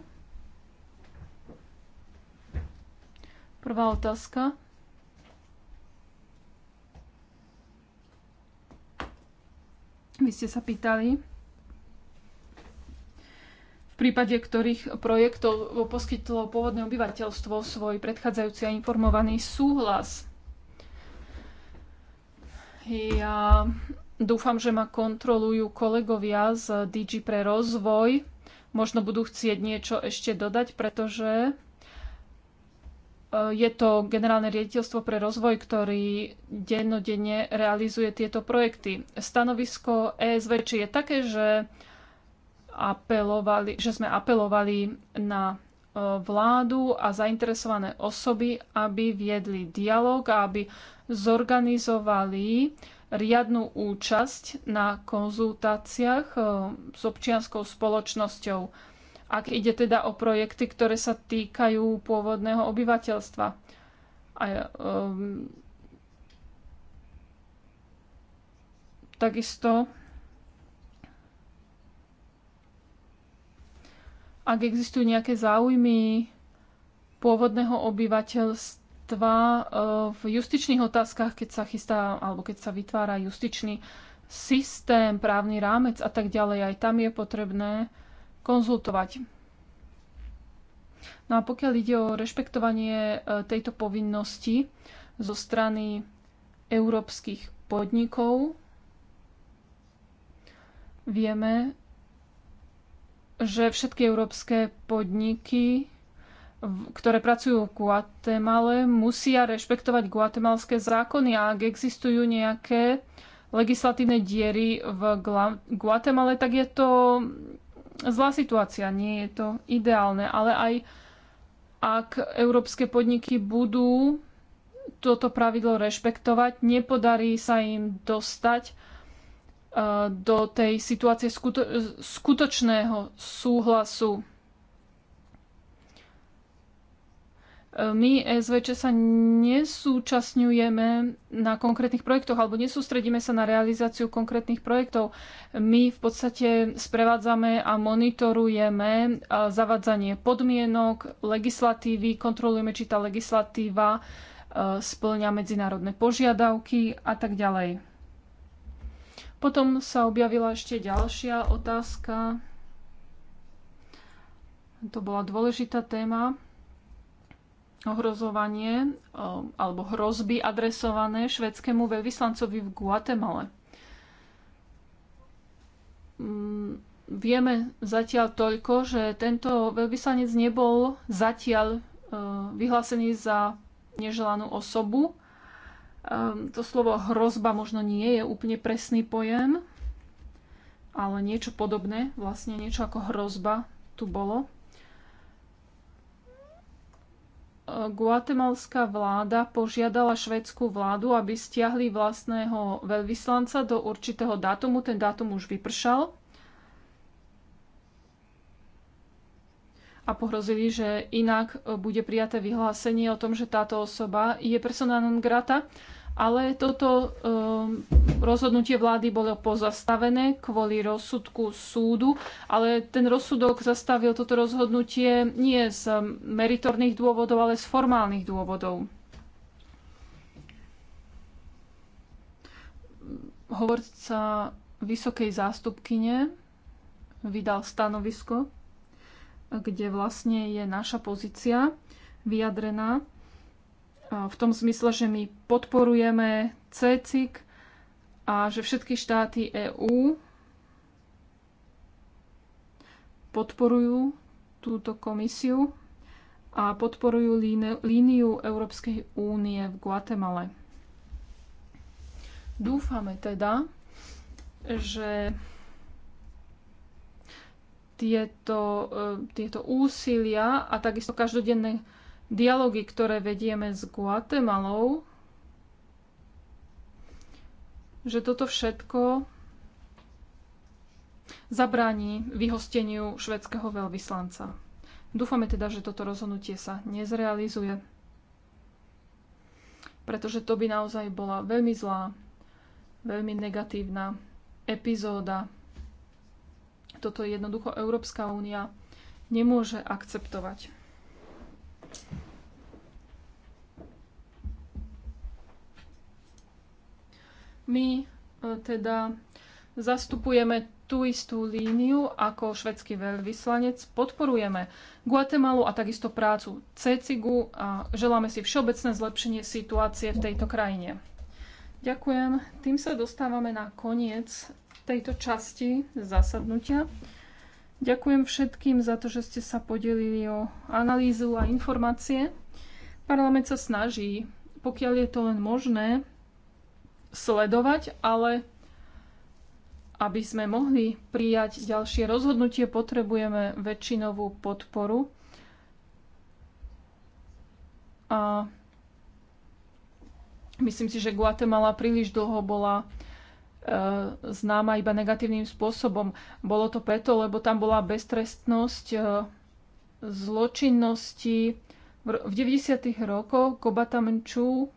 Prvá otázka. Vy ste sa pýtali, v prípade ktorých projektov poskytlo pôvodné obyvateľstvo svoj predchádzajúci a informovaný súhlas. Ja Dúfam, že ma kontrolujú kolegovia z DG pre rozvoj. Možno budú chcieť niečo ešte dodať, pretože e, je to generálne riaditeľstvo pre rozvoj, ktorý dennodenne realizuje tieto projekty. Stanovisko e či je také, že, apelovali, že sme apelovali na e, vládu a zainteresované osoby, aby viedli dialog a aby zorganizovali riadnu účasť na konzultáciách eh, s občianskou spoločnosťou, ak ide teda o projekty, ktoré sa týkajú pôvodného obyvateľstva. A, um, takisto ak existujú nejaké záujmy pôvodného obyvateľstva, ministerstva eh, v justičných otázkach, keď sa chystá alebo keď sa vytvára justičný systém, právny rámec a tak ďalej. Aj tam je potrebné konzultovať. No a pokiaľ ide o rešpektovanie eh, tejto povinnosti zo strany európskych podnikov, vieme, že všetky európske podniky ktoré pracujú v Guatemale, musia rešpektovať guatemalské zákony a ak existujú nejaké legislatívne diery v Guatemale, tak je to zlá situácia, nie je to ideálne, ale aj ak európske podniky budú toto pravidlo rešpektovať, nepodarí sa im dostať e, do tej situácie skuto- skutočného súhlasu my SVČ sa nesúčasňujeme na konkrétnych projektoch alebo nesústredíme sa na realizáciu konkrétnych projektov. My v podstate sprevádzame a monitorujeme zavadzanie podmienok, legislatívy, kontrolujeme, či tá legislatíva splňa medzinárodné požiadavky a tak ďalej. Potom sa objavila ešte ďalšia otázka. To bola dôležitá téma ohrozovanie um, alebo hrozby adresované švedskému veľvyslancovi v Guatemale. Mm, vieme zatiaľ toľko, že tento veľvyslanec nebol zatiaľ uh, vyhlásený za neželanú osobu. Um, to slovo hrozba možno nie je úplne presný pojem, ale niečo podobné, vlastne niečo ako hrozba tu bolo. guatemalská vláda požiadala švedskú vládu, aby stiahli vlastného veľvyslanca do určitého dátumu. Ten dátum už vypršal. A pohrozili, že inak bude prijaté vyhlásenie o tom, že táto osoba je persona non grata ale toto um, rozhodnutie vlády bolo pozastavené kvôli rozsudku súdu, ale ten rozsudok zastavil toto rozhodnutie nie z meritorných dôvodov, ale z formálnych dôvodov. Hovorca vysokej zástupkyne vydal stanovisko, kde vlastne je naša pozícia vyjadrená E, v tom zmysle, že my podporujeme CECIK a že všetky štáty EÚ podporujú túto komisiu a podporujú líniu Európskej únie v Guatemale. Dúfame teda, že tieto, e, tieto úsilia a takisto každodenné Dialógy, ktoré vedieme s Guatemalou, že toto všetko zabráni vyhosteniu švedského veľvyslanca. Dúfame teda, že toto rozhodnutie sa nezrealizuje, pretože to by naozaj bola veľmi zlá, veľmi negatívna epizóda. Toto jednoducho Európska únia nemôže akceptovať. My e, teda zastupujeme tú istú líniu ako švedský veľvyslanec, podporujeme Guatemalu a takisto prácu CECIGu a želáme si všeobecné zlepšenie situácie v tejto krajine. Ďakujem. Tým sa dostávame na koniec tejto časti zasadnutia. Ďakujem všetkým za to, že ste sa podelili o analýzu a informácie. Parlament sa snaží, pokiaľ je to len možné, sledovať, ale aby sme mohli prijať ďalšie rozhodnutie, potrebujeme väčšinovú podporu. A myslím si, že Guatemala príliš dlho bola E, známa iba negatívnym spôsobom. Bolo to preto, lebo tam bola beztrestnosť e, zločinnosti. V 90. rokoch Kobata Mču e,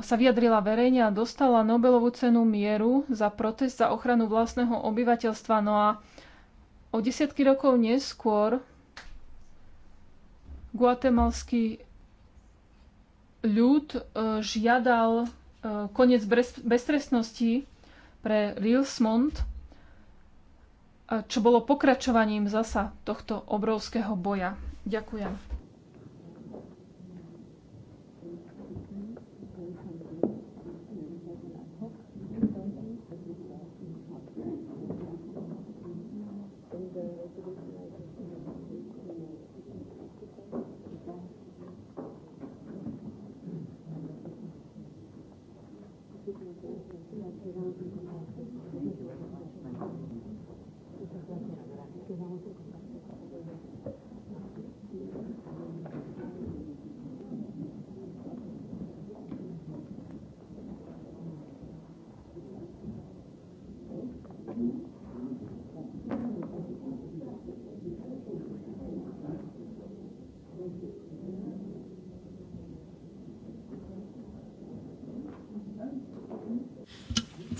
sa vyjadrila verejne a dostala Nobelovú cenu mieru za protest za ochranu vlastného obyvateľstva. No a o desiatky rokov neskôr guatemalský ľud žiadal koniec beztrestnosti pre Rilsmond, čo bolo pokračovaním zasa tohto obrovského boja. Ďakujem.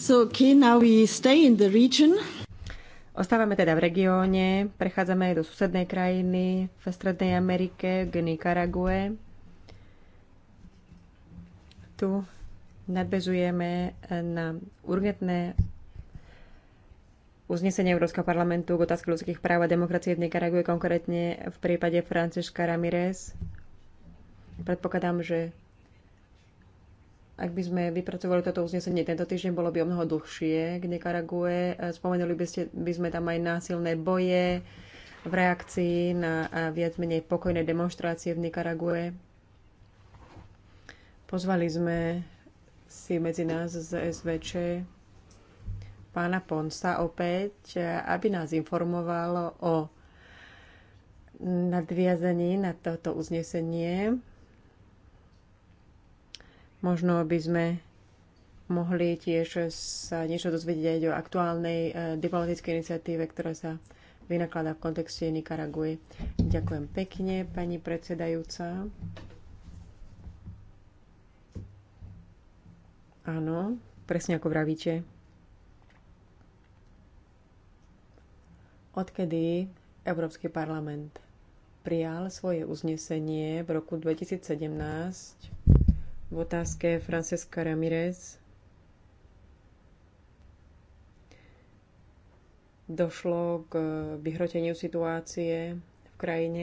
So, okay, now we stay in the region. Ostávame teda v regióne, prechádzame aj do susednej krajiny, v Strednej Amerike, k Nikarague. Tu nadbezujeme na urgentné uznesenie Európskeho parlamentu k otázke ľudských práv a demokracie v Nikarague, konkrétne v prípade Francesca Ramirez. Predpokladám, že ak by sme vypracovali toto uznesenie tento týždeň, bolo by o mnoho dlhšie k Nikarague. Spomenuli by, ste, by sme tam aj násilné boje v reakcii na viac menej pokojné demonstrácie v Nikarague. Pozvali sme si medzi nás z SVČ pána Ponsa opäť, aby nás informoval o nadviazaní na toto uznesenie Možno by sme mohli tiež sa niečo dozvedieť o aktuálnej e, diplomatickej iniciatíve, ktorá sa vynakladá v kontexte Nikaraguji. Ďakujem pekne, pani predsedajúca. Áno, presne ako vravíte. Odkedy Európsky parlament prijal svoje uznesenie v roku 2017 v otázke Francesca Ramirez došlo k vyhroteniu situácie v krajine,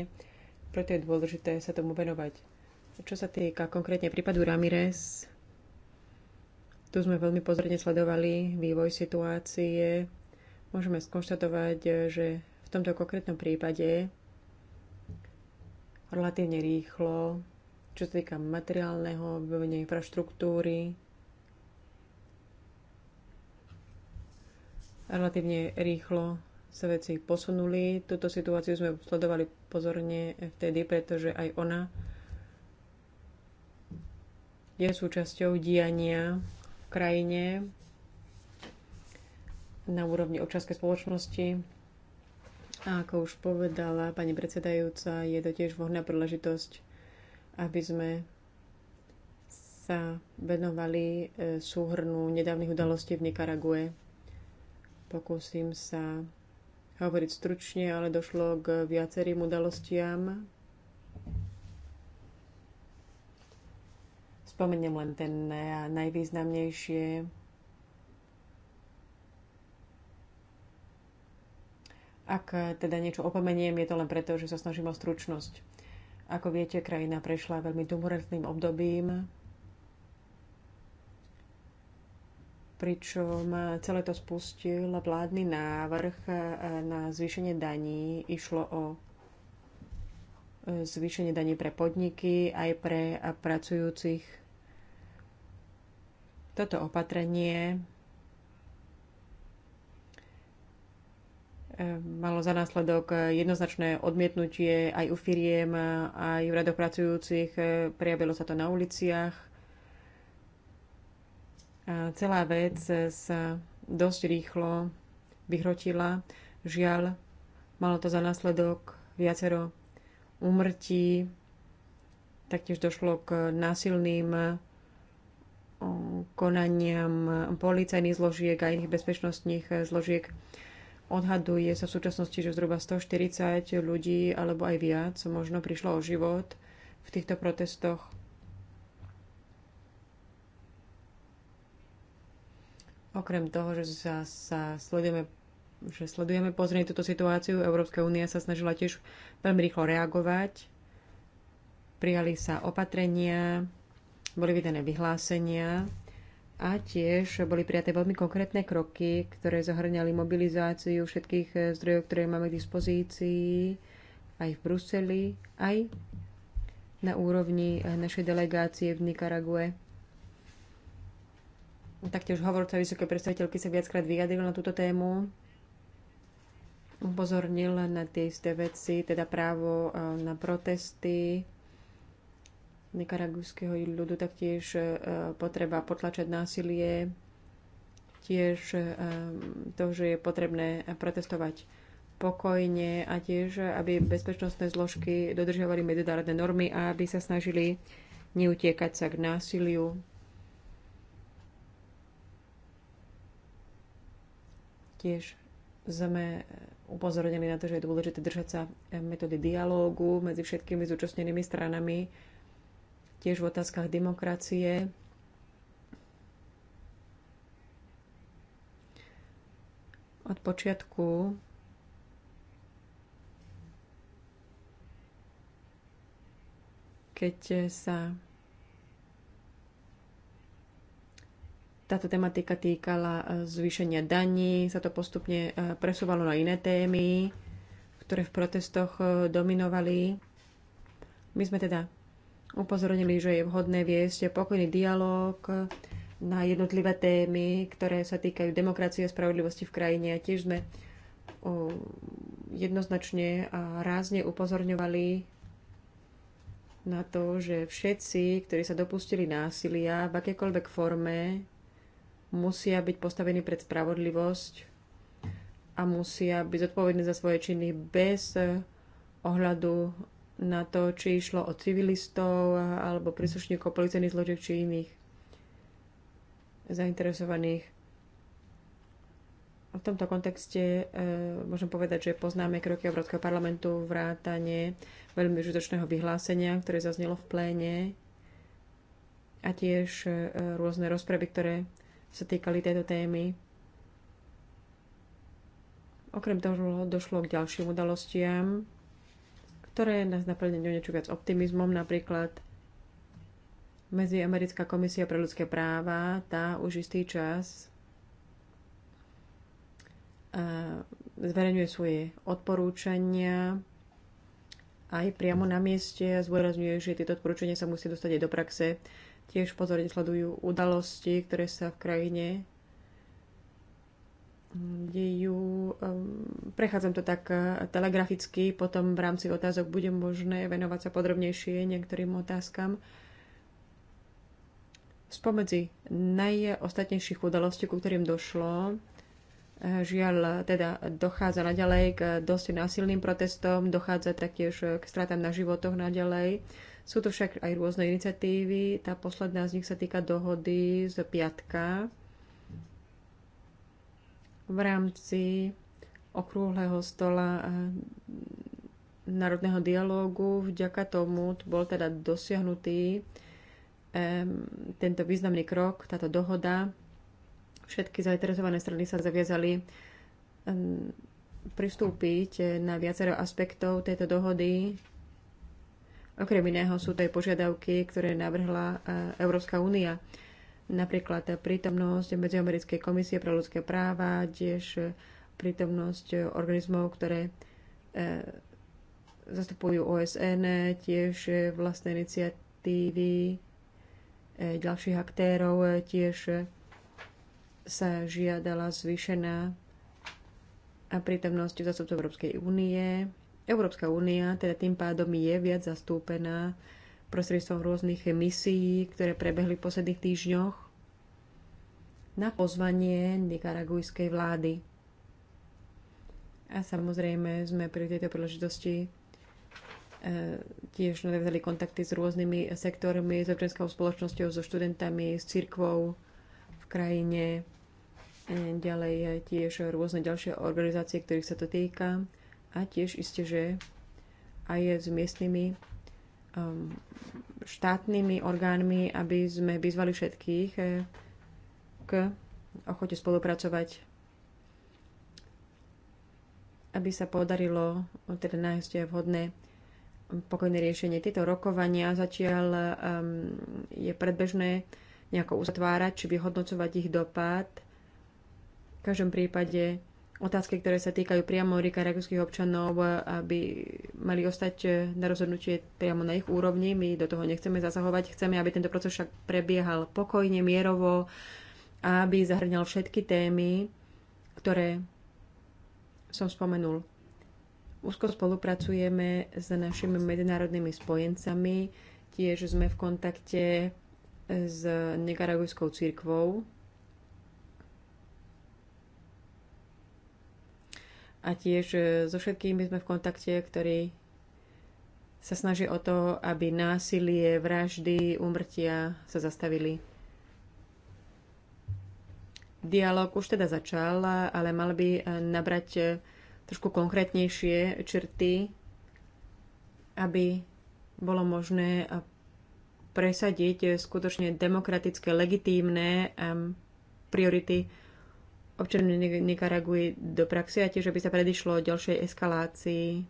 preto je dôležité sa tomu venovať. Čo sa týka konkrétne prípadu Ramirez, tu sme veľmi pozorne sledovali vývoj situácie. Môžeme skonštatovať, že v tomto konkrétnom prípade relatívne rýchlo čo sa týka materiálneho vybavenia infraštruktúry. Relatívne rýchlo sa veci posunuli. Túto situáciu sme sledovali pozorne vtedy, pretože aj ona je súčasťou diania v krajine na úrovni občanskej spoločnosti. A ako už povedala pani predsedajúca, je to tiež vhodná príležitosť aby sme sa venovali e, súhrnu nedávnych udalostí v Nikarague. Pokúsim sa hovoriť stručne, ale došlo k viacerým udalostiam. Spomeniem len ten najvýznamnejšie. Ak teda niečo opomeniem, je to len preto, že sa snažím o stručnosť. Ako viete, krajina prešla veľmi turbulentným obdobím, pričom celé to spustil vládny návrh na zvýšenie daní. Išlo o zvýšenie daní pre podniky aj pre pracujúcich. Toto opatrenie malo za následok eh, jednoznačné odmietnutie aj u firiem, aj u radoch pracujúcich. Eh, prejavilo sa to na uliciach. A celá vec eh, sa dosť rýchlo vyhrotila. Žiaľ, malo to za následok viacero úmrtí. Taktiež došlo k násilným konaniam policajných zložiek a iných bezpečnostných zložiek. Odhaduje sa v súčasnosti, že zhruba 140 ľudí alebo aj viac možno prišlo o život v týchto protestoch. Okrem toho, že sa, sa sledujeme že sledujeme pozrieť túto situáciu. Európska únia sa snažila tiež veľmi rýchlo reagovať. Prijali sa opatrenia, boli vydané vyhlásenia a tiež boli prijaté veľmi konkrétne kroky, ktoré zahrňali mobilizáciu všetkých eh, zdrojov, ktoré máme k dispozícii aj v Bruseli, aj na úrovni eh, našej delegácie v Nikarague. Taktiež hovorca vysokej predstaviteľky sa viackrát vyjadril na túto tému. Upozornil na tie isté veci, teda právo eh, na protesty, nekaragujského ľudu, taktiež e, potreba potlačať násilie, tiež e, to, že je potrebné protestovať pokojne a tiež, aby bezpečnostné zložky dodržiavali medzinárodné normy a aby sa snažili neutiekať sa k násiliu. Tiež sme upozornili na to, že je dôležité držať sa metódy dialógu medzi všetkými zúčastnenými stranami, tiež v otázkach demokracie. Od počiatku keď sa táto tematika týkala e, zvýšenia daní, sa to postupne e, presúvalo na iné témy, ktoré v protestoch e, dominovali. My sme teda upozornili, že je vhodné viesť pokojný dialog na jednotlivé témy, ktoré sa týkajú demokracie a spravodlivosti v krajine. A tiež sme jednoznačne a rázne upozorňovali na to, že všetci, ktorí sa dopustili násilia v akékoľvek forme, musia byť postavení pred spravodlivosť a musia byť zodpovední za svoje činy bez ohľadu na to, či išlo o civilistov alebo príslušníkov policajných zložiek či iných zainteresovaných. V tomto kontexte e, môžem povedať, že poznáme kroky Európskeho parlamentu vrátane veľmi užitočného vyhlásenia, ktoré zaznelo v pléne a tiež e, rôzne rozpravy, ktoré sa týkali tejto témy. Okrem toho došlo k ďalším udalostiam, ktoré nás naplňujú niečo viac optimizmom. Napríklad Medziamerická komisia pre ľudské práva, tá už istý čas zverejňuje svoje odporúčania aj priamo na mieste a zdôrazňuje, že tieto odporúčania sa musí dostať aj do praxe. Tiež pozorne sledujú udalosti, ktoré sa v krajine dejú. Um, prechádzam to tak eh, telegraficky, potom v rámci otázok bude možné venovať sa podrobnejšie niektorým otázkam. Spomedzi najostatnejších udalostí, ku ktorým došlo, eh, žiaľ teda dochádza naďalej k dosť násilným protestom, dochádza taktiež eh, k stratám na životoch naďalej. Sú to však aj rôzne iniciatívy. Tá posledná z nich sa týka dohody z piatka, v rámci okrúhleho stola eh, národného dialógu. Vďaka tomu bol teda dosiahnutý tento významný krok, táto dohoda. Všetky zainteresované strany sa zaviazali pristúpiť na viacero aspektov tejto dohody. Okrem iného sú to aj požiadavky, ktoré navrhla eh, Európska únia napríklad prítomnosť Medziamerickej komisie pre ľudské práva, tiež e, prítomnosť e, organizmov, ktoré e, zastupujú OSN, tiež vlastné iniciatívy ďalších aktérov, tiež sa žiadala zvýšená prítomnosť zastupcov Európskej únie. Európska únia teda tým pádom je viac zastúpená prostredstvom rôznych misií, ktoré prebehli v posledných týždňoch na pozvanie nikaragujskej vlády. A samozrejme sme pri tejto príležitosti e, tiež nadviazali kontakty s rôznymi sektormi, s občianskou spoločnosťou, so študentami, s cirkvou v krajine, e, ďalej tiež rôzne ďalšie organizácie, ktorých sa to týka a tiež isté, že aj s miestnymi Um, štátnymi orgánmi, aby sme vyzvali všetkých eh, k ochote spolupracovať, aby sa podarilo eh, teda nájsť vhodné um, pokojné riešenie. Tieto rokovania zatiaľ um, je predbežné nejako uzatvárať či vyhodnocovať ich dopad. V každom prípade otázky, ktoré sa týkajú priamo rika rakúskych občanov, aby mali ostať eh, na rozhodnutie priamo na ich úrovni. My do toho nechceme zasahovať. Chceme, aby tento proces však prebiehal pokojne, mierovo, aby zahrňal všetky témy, ktoré som spomenul. Úzko spolupracujeme s našimi medzinárodnými spojencami, tiež sme v kontakte s Nikaragujskou církvou, a tiež e, so všetkými sme v kontakte, ktorí sa snaží o to, aby násilie, vraždy, úmrtia sa zastavili. Dialóg už teda začal, ale mal by e, nabrať e, trošku konkrétnejšie črty, aby bolo možné presadiť skutočne demokratické, legitímne priority občanmi Nikaraguji do praxe a tiež, aby sa predišlo ďalšej eskalácii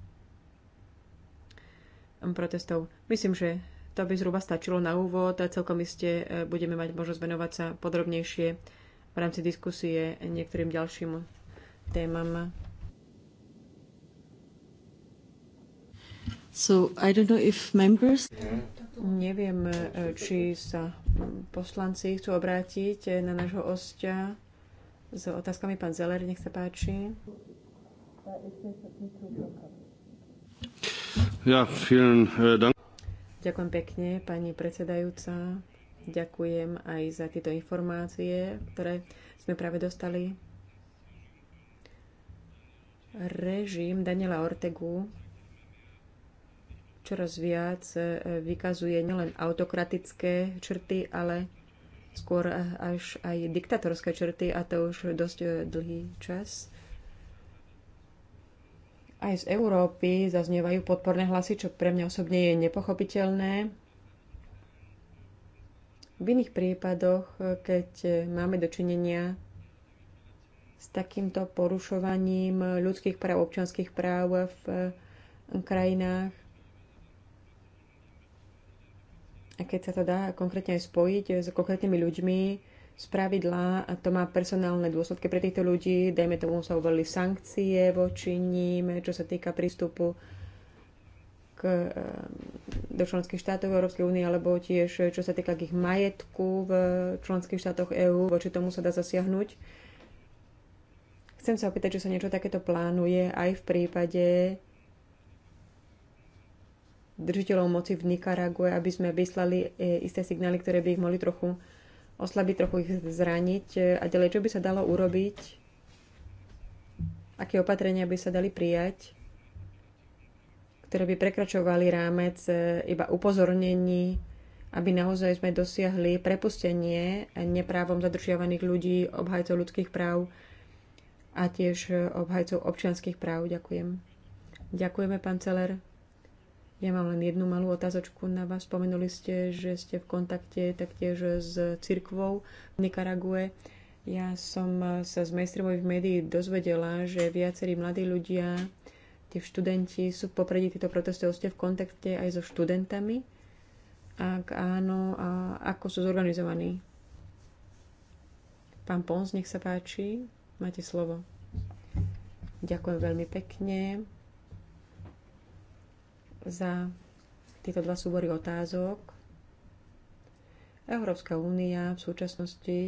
protestov. Myslím, že to by zhruba stačilo na úvod a celkom iste e, budeme mať možnosť venovať sa podrobnejšie v rámci diskusie niektorým ďalším témam. So, I don't know if members... Neviem, e, či sa mm, poslanci chcú obrátiť e, na nášho osťa s otázkami. Pán Zeller, nech sa páči. Ja, vielen eh, dank. Ďakujem pekne, pani predsedajúca. Ďakujem aj za tieto informácie, ktoré sme práve dostali. Režim Daniela Ortegu čoraz viac eh, vykazuje nielen autokratické črty, ale skôr až aj diktatorské črty a to už dosť e, dlhý čas. Aj z Európy zaznievajú podporné hlasy, čo pre mňa osobne je nepochopiteľné. V iných prípadoch, e, keď e, máme dočinenia s takýmto porušovaním ľudských práv, občanských práv v krajinách, A keď sa to dá konkrétne aj spojiť eh, s konkrétnymi ľuďmi, z pravidla to má personálne dôsledky pre týchto ľudí, dajme tomu sa uvolili sankcie voči ním, čo sa týka prístupu k, eh, do členských štátov Európskej únie, alebo tiež eh, čo sa týka ich majetku v členských štátoch EÚ, voči tomu sa dá zasiahnuť. Chcem sa opýtať, či sa niečo takéto plánuje aj v prípade držiteľov moci v Nikarague, aby sme vyslali e, isté signály, ktoré by ich mohli trochu oslabiť, trochu ich zraniť e, a ďalej, čo by sa dalo urobiť, aké opatrenia by sa dali prijať, ktoré by prekračovali rámec e, iba upozornení, aby naozaj sme dosiahli prepustenie neprávom zadržiavaných ľudí, obhajcov ľudských práv a tiež obhajcov občianských práv. Ďakujem. Ďakujeme, pán Celer. Ja mám len jednu malú otázočku na vás. Spomenuli ste, že ste v kontakte taktiež s cirkvou v Nikarague. Ja som sa z v médii dozvedela, že viacerí mladí ľudia, tie študenti sú v popredí týchto protestov. Ste v kontakte aj so študentami? Ak áno, a ako sú zorganizovaní? Pán Pons, nech sa páči, máte slovo. Ďakujem veľmi pekne za tieto dva súbory otázok. Európska únia v súčasnosti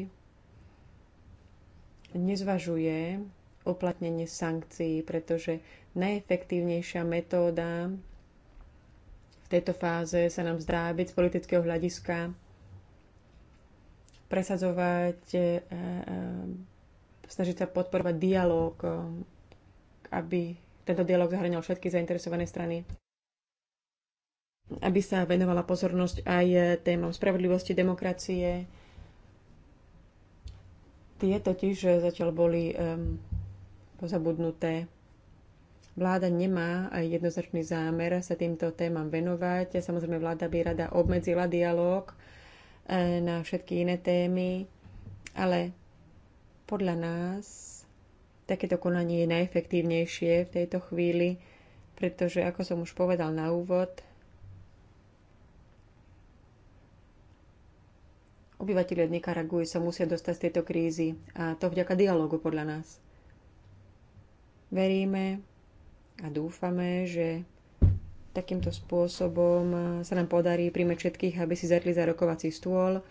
nezvažuje uplatnenie sankcií, pretože najefektívnejšia metóda v tejto fáze sa nám zdá byť z politického hľadiska presadzovať, e, e, snažiť sa podporovať dialog, e, aby tento dialog zahrňal všetky zainteresované strany aby sa venovala pozornosť aj témam spravodlivosti, demokracie. Tie totiž zatiaľ boli um, pozabudnuté. Vláda nemá aj jednoznačný zámer sa týmto témam venovať. Samozrejme, vláda by rada obmedzila dialog e, na všetky iné témy, ale podľa nás takéto konanie je najefektívnejšie v tejto chvíli, pretože, ako som už povedal na úvod, Obyvatelia Nikaraguj sa musia dostať z tejto krízy a to vďaka dialogu podľa nás. Veríme a dúfame, že takýmto spôsobom sa nám podarí príjmať všetkých, aby si zadli za rokovací stôl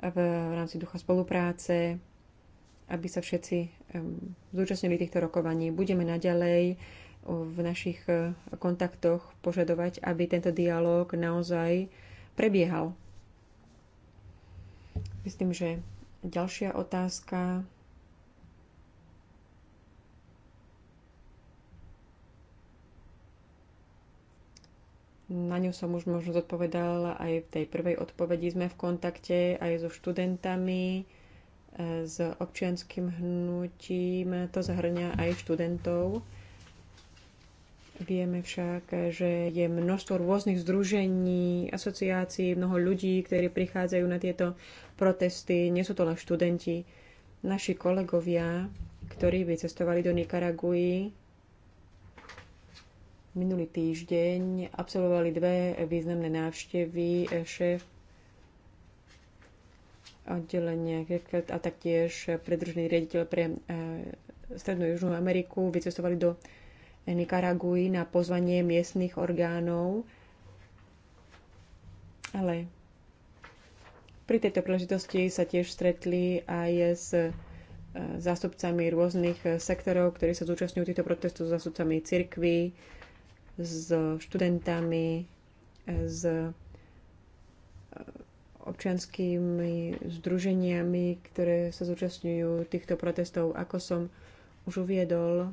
v rámci ducha spolupráce, aby sa všetci zúčastnili týchto rokovaní. Budeme naďalej v našich kontaktoch požadovať, aby tento dialog naozaj prebiehal. Myslím, že ďalšia otázka Na ňu som už možno zodpovedala aj v tej prvej odpovedi. Sme v kontakte aj so študentami, e, s občianským hnutím. To zahrňa aj študentov Vieme však, že je množstvo rôznych združení, asociácií, mnoho ľudí, ktorí prichádzajú na tieto protesty. Nie sú to len študenti. Naši kolegovia, ktorí vycestovali do Nikaraguji, minulý týždeň absolvovali dve významné návštevy šéf oddelenia a taktiež predružný riaditeľ pre eh, Strednú Južnú Ameriku vycestovali do Nikaragui na pozvanie miestnych orgánov. Ale pri tejto príležitosti sa tiež stretli aj s e, zástupcami rôznych e, sektorov, ktorí sa zúčastňujú týchto protestov, s zástupcami cirkvy, s študentami, e, s občianskými združeniami, ktoré sa zúčastňujú týchto protestov. Ako som už uviedol,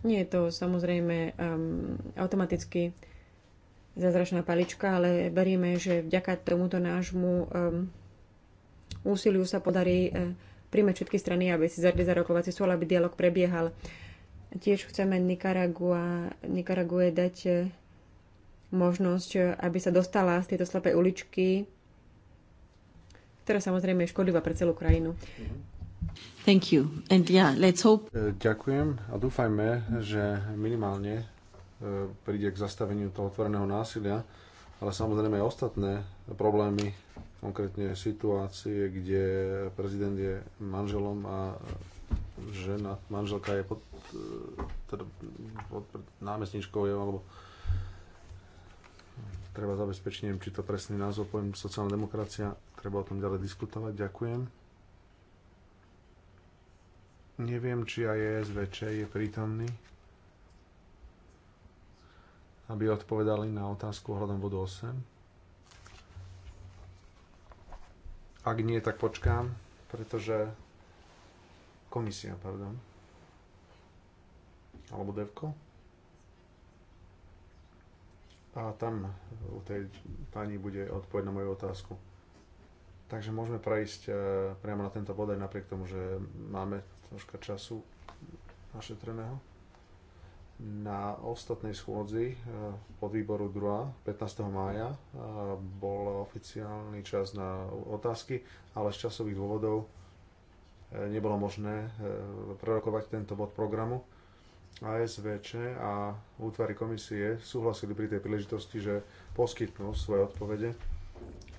nie je to samozrejme um, automaticky zázračná palička, ale veríme, že vďaka tomuto nášmu um, úsiliu sa podarí uh, príjmať všetky strany, aby si zadli za rokovací stôl, aby dialog prebiehal. Tiež chceme Nicaragua, Nicarague dať uh, možnosť, uh, aby sa dostala z tejto slepej uličky, ktorá samozrejme je škodlivá pre celú krajinu. Mhm. Thank you. And yeah, let's hope... E, ďakujem a dúfajme, že minimálne e, príde k zastaveniu toho otvoreného násilia, ale samozrejme aj ostatné problémy, konkrétne situácie, kde prezident je manželom a žena, manželka je pod, e, teda, pod námestničkou, je, alebo treba zabezpečiť, neviem, či to presný názov, poviem sociálna demokracia, treba o tom ďalej diskutovať, ďakujem. Neviem, či aj ESVČ je prítomný, aby odpovedali na otázku ohľadom bodu 8. Ak nie, tak počkám, pretože komisia, pardon. Alebo devko. A tam u tej pani bude odpoveď na moju otázku. Takže môžeme prejsť eh, priamo na tento bod aj napriek tomu, že máme troška času našetreného. Na ostatnej schôdzi pod výboru 2. 15. mája eh, bol oficiálny čas na otázky, ale z časových dôvodov eh, nebolo možné eh, prerokovať tento bod programu. ASVČ a útvary komisie súhlasili pri tej príležitosti, že poskytnú svoje odpovede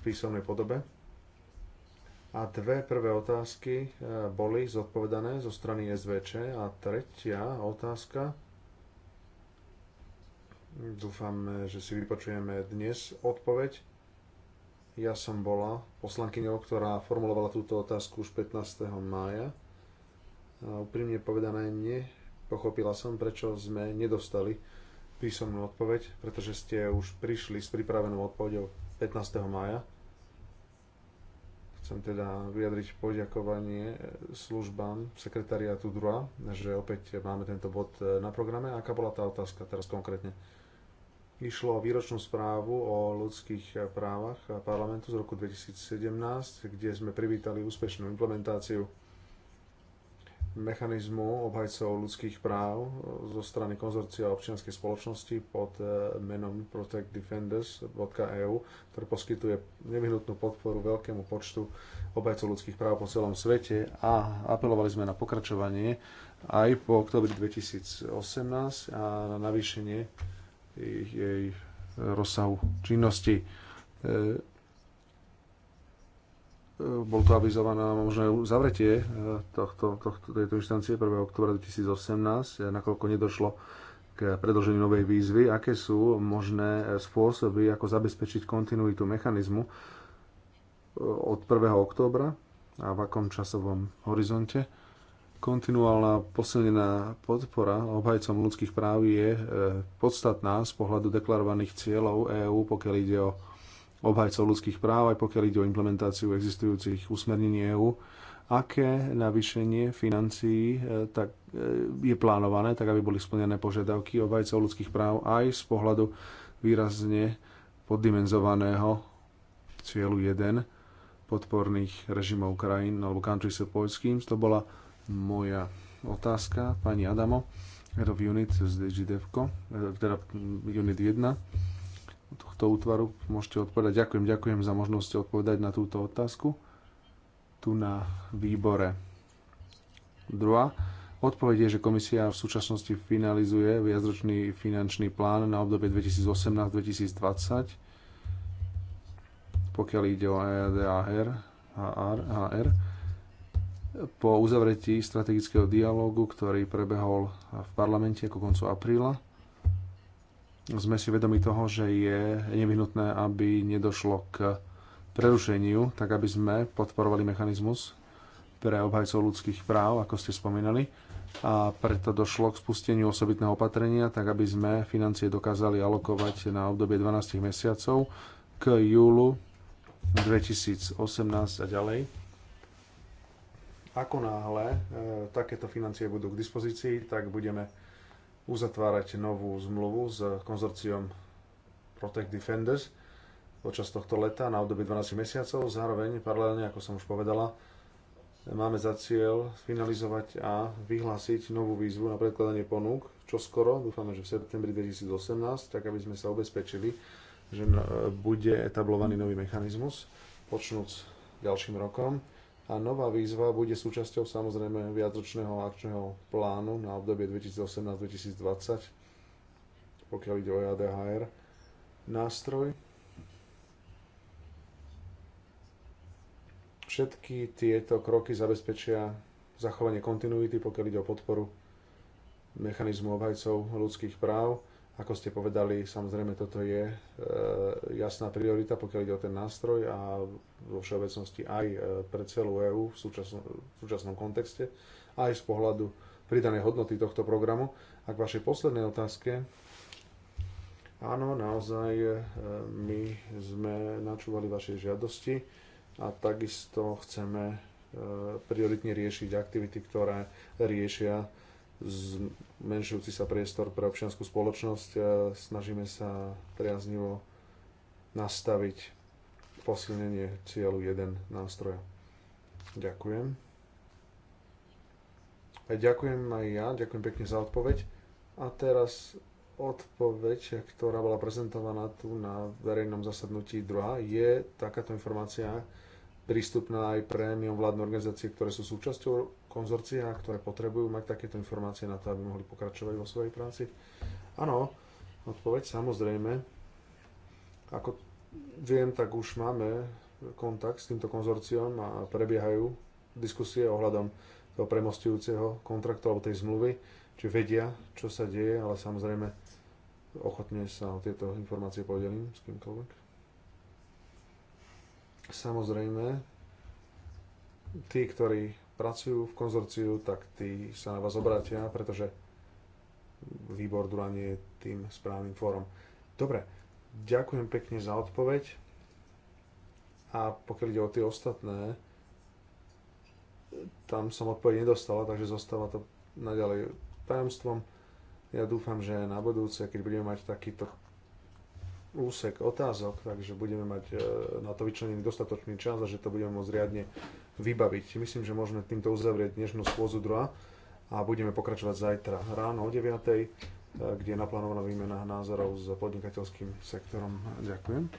v písomnej podobe a dve prvé otázky eh, boli zodpovedané zo strany SVČ a tretia otázka Dúfam, že si vypočujeme dnes odpoveď. Ja som bola poslankyňou, ktorá formulovala túto otázku už 15. mája. A úprimne povedané, nepochopila som, prečo sme nedostali písomnú odpoveď, pretože ste už prišli s pripravenou odpoveďou 15. mája. Chcem teda vyjadriť poďakovanie e, službám sekretariátu DRUA, že opäť máme tento bod e, na programe. Aká bola tá otázka teraz konkrétne? Išlo o výročnú správu o ľudských e, právach parlamentu z roku 2017, kde sme privítali úspešnú implementáciu mechanizmu obhajcov ľudských práv e, zo strany konzorcia občianskej spoločnosti pod e, menom protectdefenders.eu, ktoré poskytuje nevyhnutnú podporu veľkému počtu obhajcov ľudských práv po celom svete a apelovali sme na pokračovanie aj po oktobri 2018 a na navýšenie jej rozsahu činnosti e, E, bol to avizované možné zavretie e, tohto, tohto, tejto inštancie 1. oktobra 2018, e, nakoľko nedošlo k predlženiu novej výzvy. Aké sú možné spôsoby, ako zabezpečiť kontinuitu mechanizmu od 1. októbra a v akom časovom horizonte? Kontinuálna posilnená podpora obhajcom ľudských práv je podstatná z pohľadu deklarovaných cieľov EÚ, pokiaľ ide o obhajcov ľudských práv, aj pokiaľ ide o implementáciu existujúcich usmernení EÚ. Aké navýšenie financií e, tak, e, je plánované, tak aby boli splnené požiadavky obhajcov ľudských práv aj z pohľadu výrazne poddimenzovaného cieľu 1 podporných režimov krajín alebo country support schemes. To bola moja otázka, pani Adamo, head of unit z DigiDevco, e, teda unit 1 tohto útvaru môžete odpovedať. Ďakujem, ďakujem za možnosť odpovedať na túto otázku tu na výbore. Druhá odpoveď je, že komisia v súčasnosti finalizuje viacročný finančný plán na obdobie 2018-2020, pokiaľ ide o EADAR. AR, AR. Po uzavretí strategického dialógu, ktorý prebehol v parlamente ako koncu apríla, sme si vedomi toho, že je nevyhnutné, aby nedošlo k prerušeniu, tak aby sme podporovali mechanizmus pre obhajcov ľudských práv, ako ste spomínali. A preto došlo k spusteniu osobitného opatrenia, tak aby sme financie dokázali alokovať na obdobie 12 mesiacov k júlu 2018 a ďalej. Ako náhle e, takéto financie budú k dispozícii, tak budeme uzatvárať novú zmluvu s konzorciom Protect Defenders počas tohto leta na obdobie 12 mesiacov. Zároveň, paralelne, ako som už povedala, máme za cieľ finalizovať a vyhlásiť novú výzvu na predkladanie ponúk, čo skoro, dúfame, že v septembri 2018, tak aby sme sa ubezpečili, že bude etablovaný nový mechanizmus, počnúc ďalším rokom a nová výzva bude súčasťou samozrejme viacročného akčného plánu na obdobie 2018-2020, pokiaľ ide o e ADHR nástroj. Všetky tieto kroky zabezpečia zachovanie kontinuity, pokiaľ ide o podporu mechanizmu obhajcov ľudských práv ako ste povedali, samozrejme toto je e, jasná priorita, pokiaľ ide o ten nástroj a vo všeobecnosti aj e, pre celú EÚ v, v súčasnom kontexte, aj z pohľadu pridanej hodnoty tohto programu. A k vašej poslednej otázke, áno, naozaj e, my sme načúvali vašej žiadosti a takisto chceme e, prioritne riešiť aktivity, ktoré riešia zmenšujúci sa priestor pre občianskú spoločnosť. Snažíme sa priaznivo nastaviť posilnenie cieľu 1 nástroja. Ďakujem. Aj ďakujem aj ja, ďakujem pekne za odpoveď. A teraz odpoveď, ktorá bola prezentovaná tu na verejnom zasadnutí druhá, je takáto informácia prístupná aj pre mimovládne organizácie, ktoré sú súčasťou konzorcia, ktoré potrebujú mať takéto informácie na to, aby mohli pokračovať vo svojej práci? Áno, odpoveď samozrejme. Ako viem, tak už máme kontakt s týmto konzorciom a prebiehajú diskusie ohľadom toho premostujúceho kontraktu alebo tej zmluvy, či vedia, čo sa deje, ale samozrejme ochotne sa o tieto informácie podelím s kýmkoľvek. Samozrejme, tí, ktorí pracujú v konzorciu, tak tí sa na vás obrátia, pretože výbor Duranie je tým správnym fórom. Dobre, ďakujem pekne za odpoveď. A pokiaľ ide o tie ostatné, tam som odpoveď nedostala, takže zostáva to naďalej tajomstvom. Ja dúfam, že na budúce, keď budeme mať takýto úsek otázok, takže budeme mať e, na to vyčlenený dostatočný čas a že to budeme môcť riadne vybaviť. Myslím, že môžeme týmto uzavrieť dnešnú schôzu druhá a budeme pokračovať zajtra ráno o 9 eh, kde je naplánovaná výmena názorov s podnikateľským sektorom. Ďakujem.